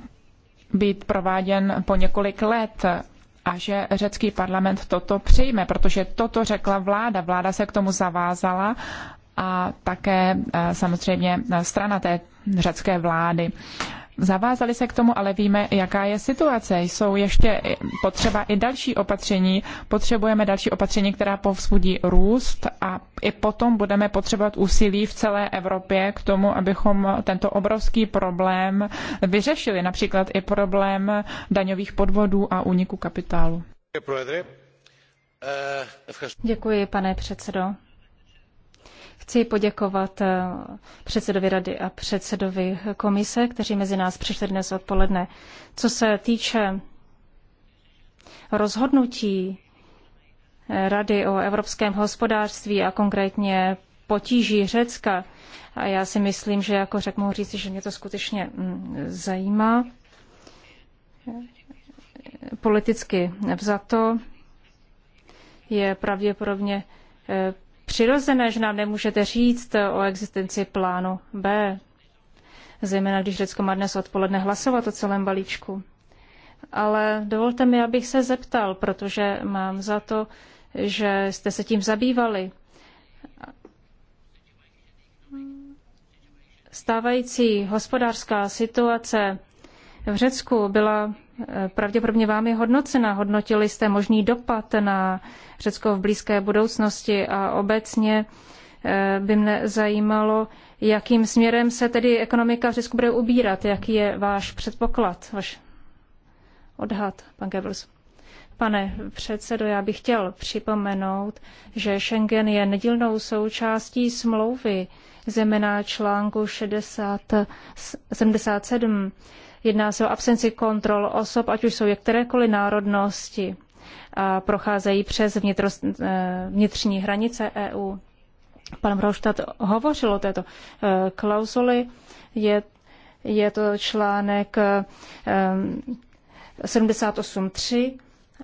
být prováděn po několik let a že řecký parlament toto přijme, protože toto řekla vláda. Vláda se k tomu zavázala a také eh, samozřejmě eh, strana té řecké vlády zavázali se k tomu, ale víme, jaká je situace. Jsou ještě potřeba i další opatření. Potřebujeme další opatření, která povzbudí růst a i potom budeme potřebovat úsilí v celé Evropě k tomu, abychom tento obrovský problém vyřešili, například i problém daňových podvodů a úniku kapitálu. Děkuji, pane předsedo. Chci poděkovat eh, předsedovi rady a předsedovi komise, kteří mezi nás přišli dnes odpoledne. Co se týče rozhodnutí eh, Rady o evropském hospodářství a konkrétně potíží Řecka. A já si myslím, že jako Řek mohu říct, že mě to skutečně mm, zajímá. Eh, politicky vzato je pravděpodobně přirozené, že nám nemůžete říct eh, o existenci plánu B, zejména když Řecko má dnes odpoledne hlasovat o celém balíčku. Ale dovolte mi, abych se zeptal, protože mám za to, že jste se tím zabývali. Stávající hospodářská situace v Řecku byla eh, pravděpodobně vámi hodnocena. Hodnotili jste možný dopad na Řecko v blízké budoucnosti a obecně eh, by mne zajímalo, jakým směrem se tedy ekonomika v Řecku bude ubírat, jaký je váš předpoklad, váš odhad, pan Goebbels. Pane předsedo, já bych chtěl připomenout, že Schengen je nedílnou součástí smlouvy, zejména článku 60, 77 Jedná se o absenci kontrol osob, ať už jsou jakékoliv národnosti a procházejí přes vnitro, eh, vnitřní hranice EU. Pan Broštad hovořil o této eh, klauzuli. Je, je to článek 78.3 eh,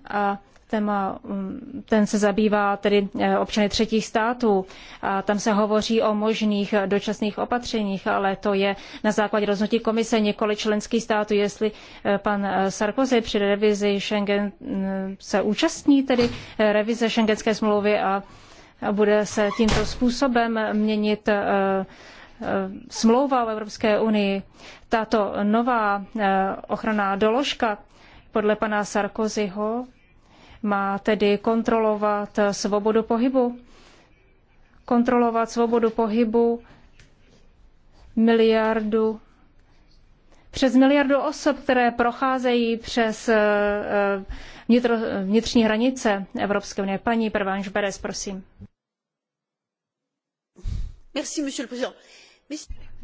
a téma, mm, ten se zabývá tedy eh, občany třetích států. A tam se hovoří o možných eh, dočasných opatřeních, ale to je na základě rozhodnutí komise několik členských států. Jestli eh, pan Sarkozy při revizi Schengen mm, se účastní tedy revize Schengenské smlouvy a bude se tímto způsobem měnit smlouva o Evropské unii, tato nová ochranná doložka podle pana Sarkozyho má tedy kontrolovat svobodu pohybu. Kontrolovat svobodu pohybu miliardu přes miliardu osob, které procházejí přes eh, vnitro, vnitřní hranice Evropské unie. Paní Prvánž Beres, prosím.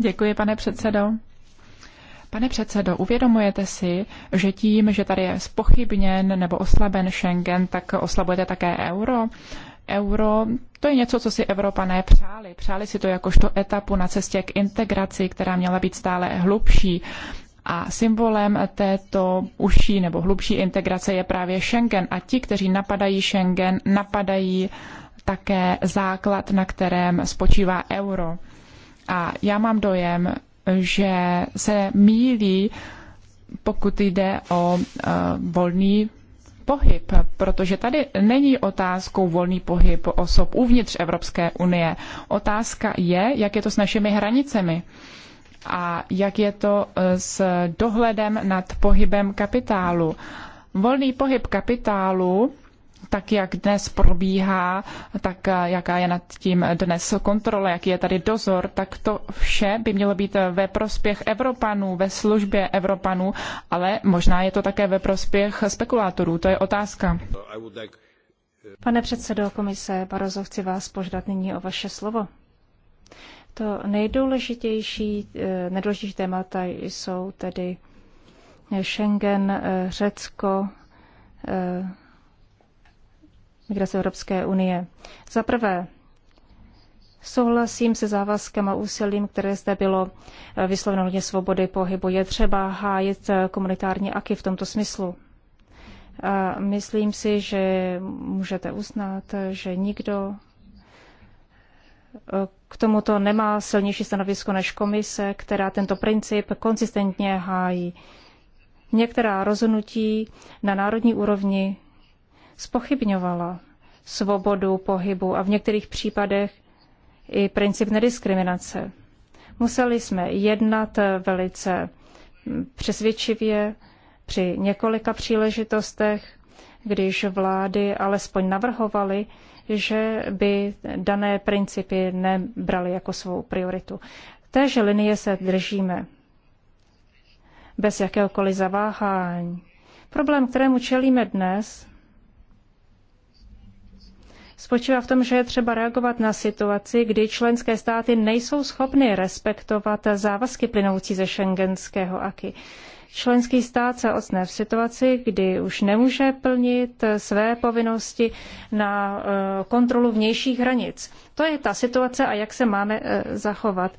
Děkuji, pane předsedo. Pane předsedo, uvědomujete si, že tím, že tady je spochybněn nebo oslaben Schengen, tak oslabujete také euro? Euro, to je něco, co si Evropa přáli. Přáli si to jakožto etapu na cestě k integraci, která měla být stále hlubší. A symbolem této užší nebo hlubší integrace je právě Schengen. A ti, kteří napadají Schengen, napadají také základ, na kterém spočívá euro. A já mám dojem, že se mílí, pokud jde o e, volný pohyb, protože tady není otázkou volný pohyb osob uvnitř Evropské unie. Otázka je, jak je to s našimi hranicemi a jak je to e, s dohledem nad pohybem kapitálu. Volný pohyb kapitálu tak jak dnes probíhá, tak eh, jaká je nad tím dnes kontrola, jaký je tady dozor, tak to vše by mělo být ve prospěch Evropanů, ve službě Evropanů, ale možná je to také ve prospěch spekulátorů, to je otázka. Pane předsedo komise Barozo, chci vás požádat nyní o vaše slovo. To nejdůležitější, eh, nejdůležitější témata jsou tedy Schengen, eh, Řecko, migrace Evropské unie. Za prvé, Souhlasím se závazkem a úsilím, které zde bylo eh, vysloveno hodně svobody pohybu. Je třeba hájit eh, komunitární aky v tomto smyslu. A myslím si, že můžete uznat, že nikdo eh, k tomuto nemá silnější stanovisko než komise, která tento princip konsistentně hájí. Některá rozhodnutí na národní úrovni spochybňovala svobodu pohybu a v některých případech i princip nediskriminace. Museli jsme jednat velice přesvědčivě při několika příležitostech, když vlády alespoň navrhovaly, že by dané principy nebrali jako svou prioritu. Téže linie se držíme bez jakéhokoliv zaváhání. Problém, kterému čelíme dnes, spočívá v tom, že je třeba reagovat na situaci, kdy členské státy nejsou schopny respektovat závazky plynoucí ze šengenského aky. Členský stát se ocne v situaci, kdy už nemůže plnit své povinnosti na eh, kontrolu vnějších hranic. To je ta situace a jak se máme eh, zachovat.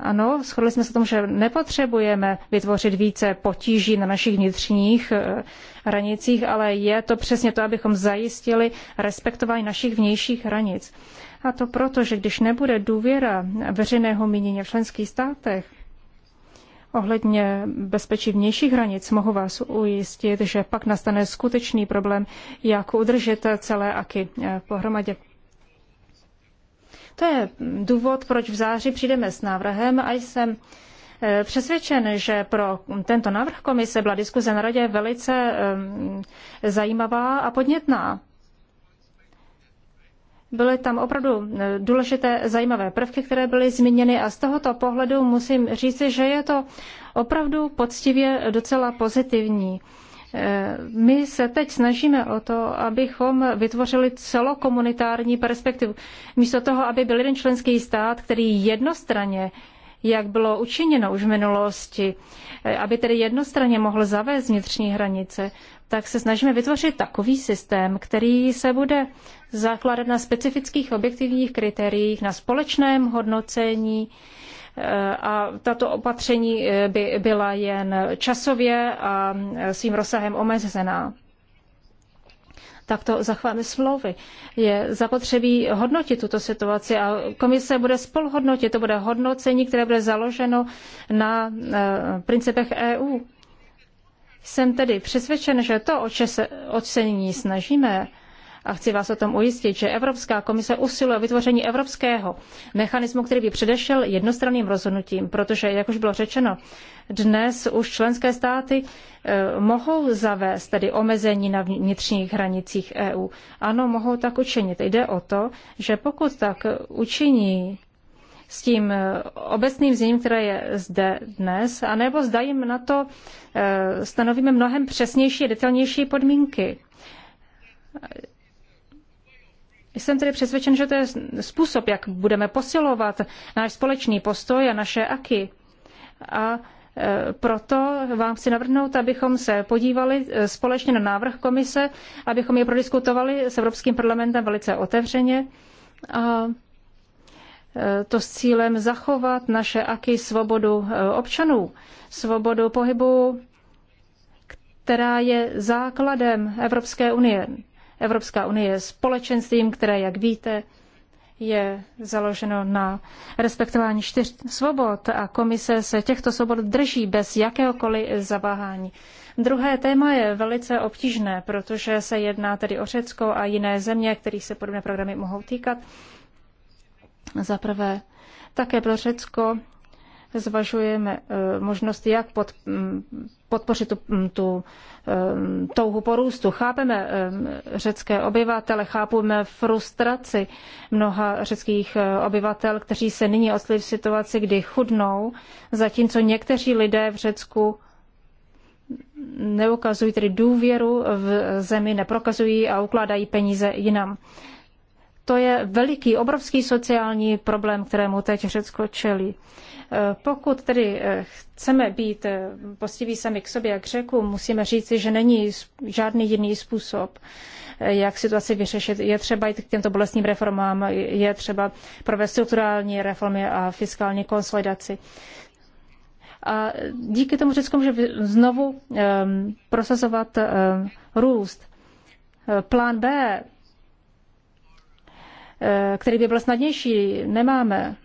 Ano, shodli jsme se tom, že nepotřebujeme vytvořit více potíží na našich vnitřních eh, hranicích, ale je to přesně to, abychom zajistili respektování našich vnějších hranic. A to proto, že když nebude důvěra veřejného mínění v členských státech ohledně bezpečí vnějších hranic, mohu vás ujistit, že pak nastane skutečný problém, jak udržet celé aky eh, pohromadě. To je důvod, proč v září přijdeme s návrhem a jsem eh, přesvědčen, že pro tento návrh komise byla diskuze na radě velice eh, zajímavá a podnětná. Byly tam opravdu eh, důležité zajímavé prvky, které byly zmíněny a z tohoto pohledu musím říci, že je to opravdu poctivě docela pozitivní. My se teď snažíme o to, abychom vytvořili celokomunitární perspektivu. Místo toho, aby byl jeden členský stát, který jednostranně jak bylo učiněno už v minulosti, aby tedy jednostranně mohl zavést vnitřní hranice, tak se snažíme vytvořit takový systém, který se bude zakládat na specifických objektivních kritériích, na společném hodnocení Eh, a tato opatření eh, by byla jen časově a svým rozsahem omezená takto zachváme smlouvy. Je zapotřebí hodnotit tuto situaci a komise bude spolhodnotit, to bude hodnocení, které bude založeno na eh, principech EU. Jsem tedy přesvědčen, že to, o se, oč se nyní snažíme, a chci vás o tom ujistit, že Evropská komise usiluje o vytvoření evropského mechanismu, který by předešel jednostranným rozhodnutím, protože, jak už bylo řečeno, dnes už členské státy eh, mohou zavést tedy omezení na vnitřních hranicích EU. Ano, mohou tak učinit. Jde o to, že pokud tak učiní s tím eh, obecným zněním, které je zde dnes, anebo zda jim na to eh, stanovíme mnohem přesnější a detailnější podmínky. Jsem tedy přesvědčen, že to je způsob, jak budeme posilovat náš společný postoj a naše aky. A e, proto vám chci navrhnout, abychom se podívali e, společně na návrh komise, abychom je prodiskutovali s Evropským parlamentem velice otevřeně. A e, to s cílem zachovat naše aky svobodu občanů, svobodu pohybu, která je základem Evropské unie. Evropská unie je společenstvím, které, jak víte, je založeno na respektování čtyř svobod a komise se těchto svobod drží bez jakéhokoliv zaváhání. Druhé téma je velice obtížné, protože se jedná tedy o Řecko a jiné země, kterých se podobné programy mohou týkat. Za prvé, také pro Řecko zvažujeme eh, možnost, jak pod, mm, podpořit tu, mm, tu eh, touhu porůstu. Chápeme eh, řecké obyvatele, chápeme frustraci mnoha řeckých obyvatel, kteří se nyní ocitli v situaci, kdy chudnou, zatímco někteří lidé v Řecku neukazují tedy důvěru v zemi, neprokazují a ukládají peníze jinam. To je veliký, obrovský sociální problém, kterému teď Řecko čelí. E, pokud tedy e, chceme být e, postiví sami k sobě a k řeku, musíme říci, že není žádný jiný způsob, jak situaci vyřešit. Je třeba jít k těmto bolestním reformám, je třeba provést strukturální reformy a fiskální konsolidaci. A díky tomu Řecko může znovu um, prosazovat um, růst. Plán B Eh, který by byl snadnější, nemáme.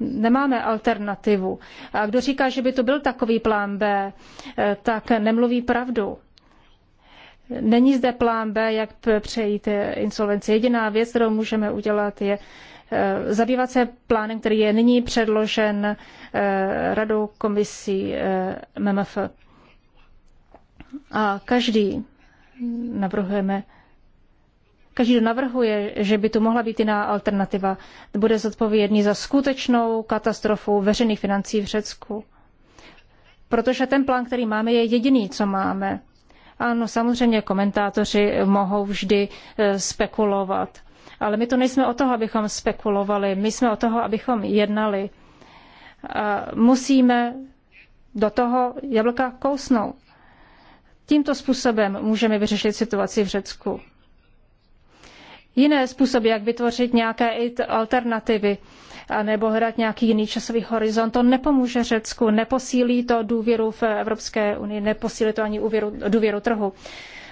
Nemáme alternativu. A kdo říká, že by to byl takový plán B, eh, tak nemluví pravdu. Není zde plán B, jak přejít insolvenci. Jediná věc, kterou můžeme udělat, je eh, zabývat se plánem, který je nyní předložen radou komisí MMF. A každý navrhujeme každý, kdo navrhuje, že by tu mohla být jiná alternativa, bude zodpovědný za skutečnou katastrofu veřejných financí v Řecku. Protože ten plán, který máme, je jediný, co máme. Ano, samozřejmě komentátoři mohou vždy e, spekulovat. Ale my to nejsme o toho, abychom spekulovali, my jsme o toho, abychom jednali. A musíme do toho jablka kousnout. Tímto způsobem můžeme vyřešit situaci v Řecku jiné způsoby, jak vytvořit nějaké alternativy nebo hledat nějaký jiný časový horizont. To nepomůže Řecku, neposílí to důvěru v Evropské unii, neposílí to ani úvěru, důvěru trhu.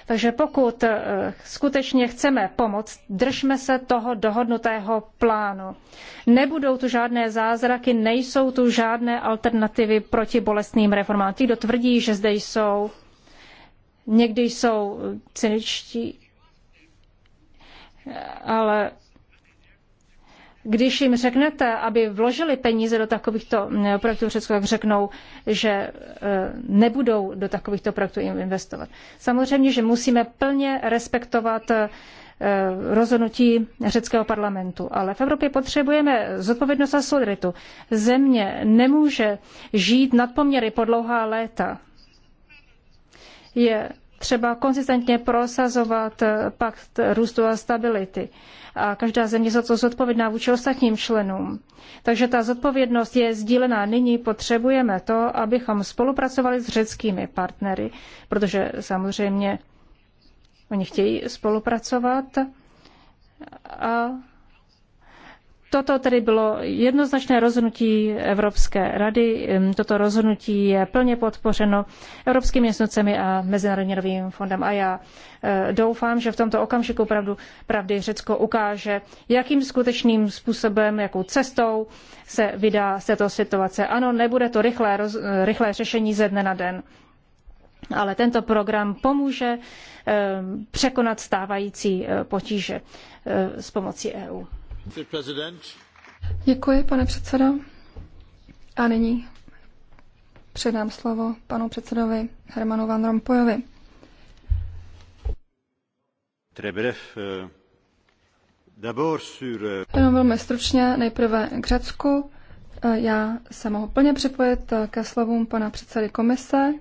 Takže pokud eh, skutečně chceme pomoct, držme se toho dohodnutého plánu. Nebudou tu žádné zázraky, nejsou tu žádné alternativy proti bolestným reformám. Ti, kdo tvrdí, že zde jsou, někdy jsou cyničtí, ale když jim řeknete, aby vložili peníze do takovýchto eh, projektů v Řecku, tak řeknou, že eh, nebudou do takovýchto projektů investovat. Samozřejmě, že musíme plně respektovat eh, rozhodnutí řeckého parlamentu. Ale v Evropě potřebujeme zodpovědnost a solidaritu. Země nemůže žít nad poměry po dlouhá léta. Je třeba konzistentně prosazovat pakt růstu a stability. A každá země za to zodpovědná vůči ostatním členům. Takže ta zodpovědnost je sdílená. Nyní potřebujeme to, abychom spolupracovali s řeckými partnery, protože samozřejmě oni chtějí spolupracovat a Toto tedy bylo jednoznačné rozhodnutí Evropské rady. Toto rozhodnutí je plně podpořeno evropskými institucemi a Mezinárodním fondem. A já e, doufám, že v tomto okamžiku pravdu, pravdy Řecko ukáže, jakým skutečným způsobem, jakou cestou se vydá z této situace. Ano, nebude to rychlé, roz, e, rychlé řešení ze dne na den. Ale tento program pomůže e, překonat stávající potíže s pomocí EU. Děkuji, pane předsedo. A nyní předám slovo panu předsedovi Hermanu Van Rompuyovi. Euh, euh, jenom velmi stručně, nejprve k Řecku. Eh, já se mohu plně připojit eh, ke slovům pana předsedy komise.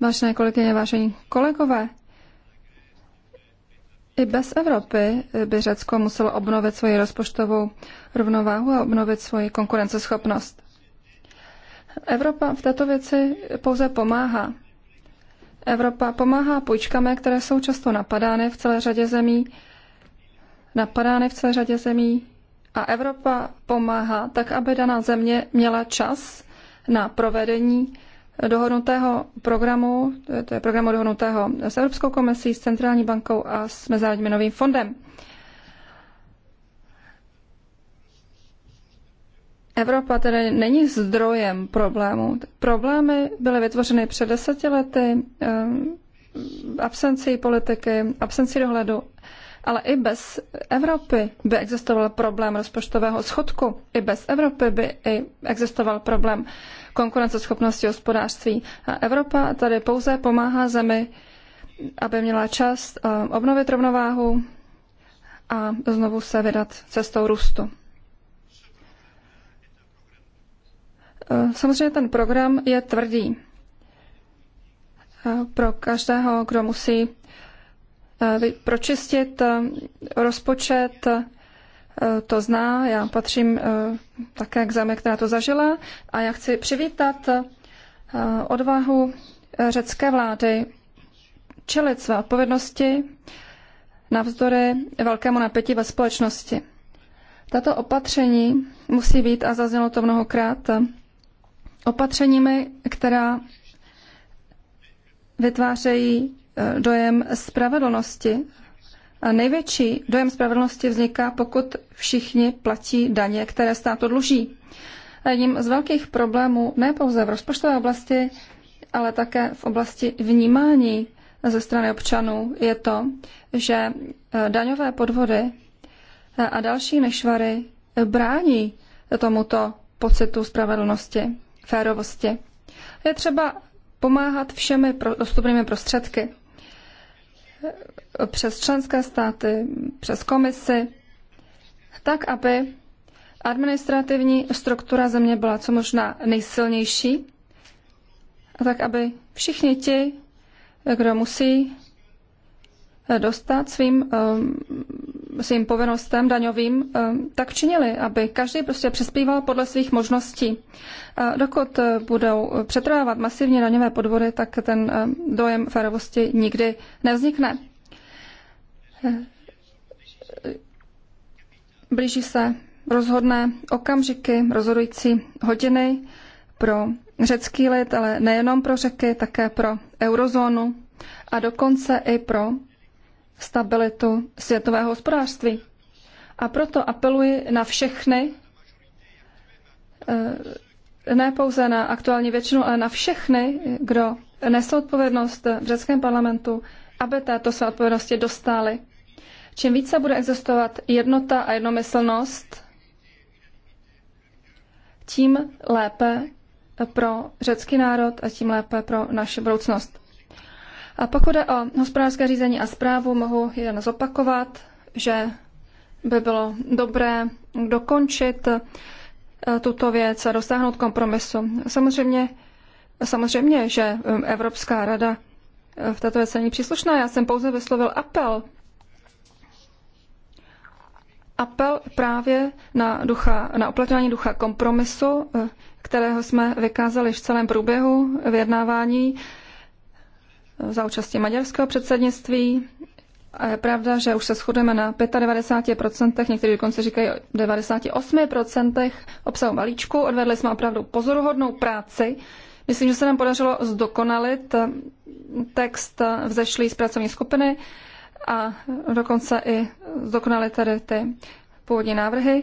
Vážené kolegyně, vážení kolegové, i bez Evropy by Řecko muselo obnovit svoji rozpočtovou rovnováhu a obnovit svoji konkurenceschopnost. Evropa v této věci pouze pomáhá. Evropa pomáhá půjčkami, které jsou často napadány v celé řadě zemí, napadány v celé řadě zemí a Evropa pomáhá tak, aby daná země měla čas na provedení dohodnutého programu, to je programu dohodnutého s Evropskou komisí, s Centrální bankou a s Mezinárodním novým fondem. Evropa tedy není zdrojem problémů. Problémy byly vytvořeny před deseti lety eh, absencí politiky, absencí dohledu, ale i bez Evropy by existoval problém rozpočtového schodku. I bez Evropy by i existoval problém konkurenceschopnosti hospodářství. A Evropa tady pouze pomáhá zemi, aby měla čas eh, obnovit rovnováhu a znovu se vydat cestou růstu. Eh, samozřejmě ten program je tvrdý eh, pro každého, kdo musí pročistit rozpočet Eh, to zná, já patřím eh, také k zemi, která to zažila a já chci přivítat eh, odvahu řecké vlády čelit své odpovědnosti navzdory velkému napětí ve společnosti. Tato opatření musí být, a zaznělo to mnohokrát, opatřeními, která vytvářejí dojem spravedlnosti největší dojem spravedlnosti vzniká, pokud všichni platí daně, které státu dluží. A jedním z velkých problémů ne pouze v rozpočtové oblasti, ale také v oblasti vnímání ze strany občanů je to, že e, daňové podvody e, a další nešvary brání tomuto pocitu spravedlnosti, férovosti. Je třeba pomáhat všemi dostupnými prostředky přes členské státy, přes komisy, tak aby administrativní struktura země byla co možná nejsilnější, a tak aby všichni ti, kdo musí dostat svým svým povinnostem daňovým, eh, tak činili, aby každý prostě přispíval podle svých možností. A dokud eh, budou eh, přetrvávat masivní daňové podvody, tak ten dojem férovosti nikdy nevznikne. Blíží se rozhodné okamžiky, rozhodující hodiny pro řecký lid, ale nejenom pro řeky, také pro eurozónu a dokonce i pro stabilitu světového hospodářství. A proto apeluji na všechny, eh, ne pouze na aktuální většinu, ale na všechny, kdo nesou odpovědnost v řeckém parlamentu, aby této své odpovědnosti dostali. Čím více bude existovat jednota a jednomyslnost, tím lépe pro řecký národ a tím lépe pro naši budoucnost. A pokud jde o hospodářské řízení a zprávu, mohu jen zopakovat, že by bylo dobré dokončit eh, tuto věc a dosáhnout kompromisu. Samozřejmě, samozřejmě že eh, Evropská rada eh, v této věci není příslušná. Já jsem pouze vyslovil apel. Apel právě na, ducha, na uplatňování ducha kompromisu, kterého jsme vykázali v celém průběhu vyjednávání za účasti maďarského předsednictví. A je pravda, že už se shodujeme na 95%, někteří dokonce říkají 98% obsahu balíčku. Odvedli jsme opravdu pozoruhodnou práci. Myslím, že se nám podařilo zdokonalit text vzešlý z pracovní skupiny a dokonce i zdokonalit tady ty původní návrhy.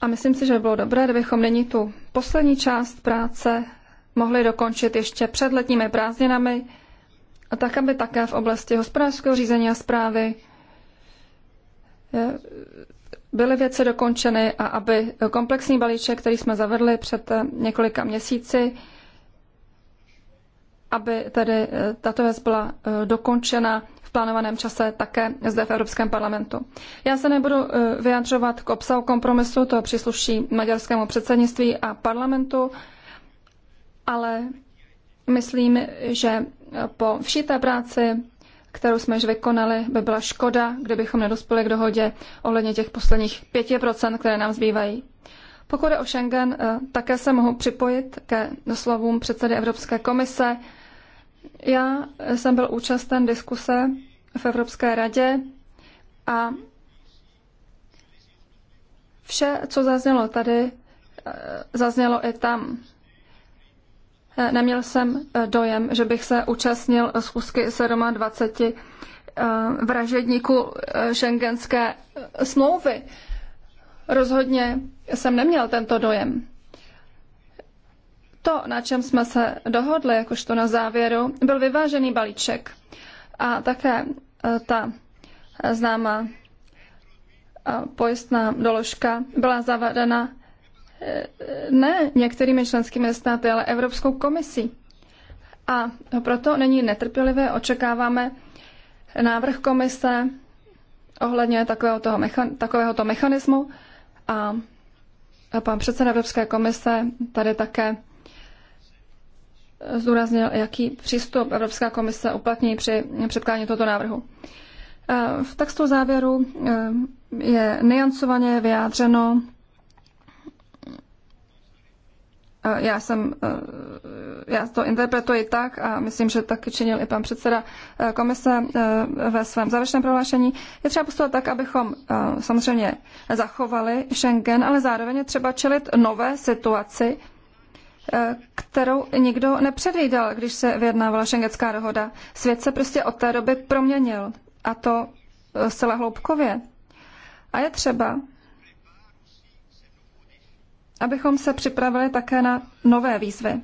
A myslím si, že by bylo dobré, kdybychom nyní tu poslední část práce mohli dokončit ještě před letními prázdninami, a tak, aby také v oblasti hospodářského řízení a zprávy eh, byly věci dokončeny a aby komplexní balíček, který jsme zavedli před eh, několika měsíci, aby tedy eh, tato věc byla dokončena v plánovaném čase také zde v Evropském parlamentu. Já se nebudu vyjadřovat k obsahu kompromisu, to přísluší maďarskému předsednictví a parlamentu ale myslím, že po vší té práci, kterou jsme již vykonali, by byla škoda, kdybychom nedospěli k dohodě ohledně těch posledních 5%, které nám zbývají. Pokud je o Schengen, eh, také se mohu připojit ke slovům předsedy Evropské komise. Já jsem byl účasten diskuse v Evropské radě a vše, co zaznělo tady, eh, zaznělo i tam. Eh, neměl jsem eh, dojem, že bych se účastnil schůzky 27 eh, vražedníků šengenské smlouvy. Rozhodně jsem neměl tento dojem. To, na čem jsme se dohodli, jakožto na závěru, byl vyvážený balíček. A také ta známá pojistná doložka byla zavedena ne některými členskými státy, ale Evropskou komisí. A proto není netrpělivé, očekáváme návrh komise ohledně takového toho mechan- takovéhoto mechanismu a, a pan předseda Evropské komise tady také zdůraznil, jaký přístup Evropská komise uplatní při předkládání tohoto návrhu. E, v textu závěru e, je niancovaně vyjádřeno Já jsem, eh, já to interpretuji tak a myslím, že tak činil i pan předseda eh, komise eh, ve svém závěrečném prohlášení. Je třeba postupovat tak, abychom samozřejmě zachovali Schengen, ale zároveň je třeba čelit nové situaci, kterou nikdo nepředvídal, když se vyjednávala šengenská dohoda. Svět se prostě od té doby proměnil a to zcela hloubkově. A je třeba, abychom se připravili také na nové výzvy.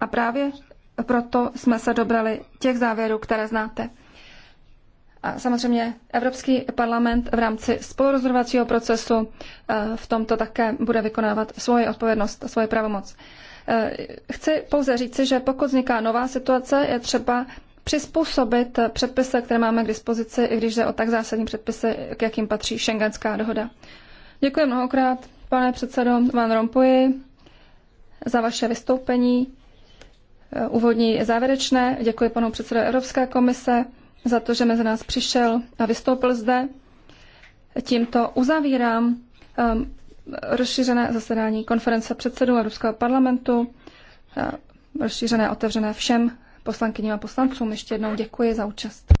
A právě proto jsme se dobrali těch závěrů, které znáte. A samozřejmě Evropský parlament v rámci spolurozhodovacího procesu eh, v tomto také bude vykonávat svoji odpovědnost a svoji pravomoc. Eh, chci pouze říci, že pokud vzniká nová situace, je třeba přizpůsobit předpisy, které máme k dispozici, i když jde o tak zásadní předpisy, k jakým patří šengenská dohoda. Děkuji mnohokrát pane předsedo Van Rompuy, za vaše vystoupení, eh, úvodní závěrečné. Děkuji panu předsedovi Evropské komise za to, že mezi nás přišel a vystoupil zde. Tímto uzavírám eh, rozšířené zasedání konference předsedů Evropského parlamentu, eh, rozšířené otevřené všem poslankyním a poslancům. Ještě jednou děkuji za účast.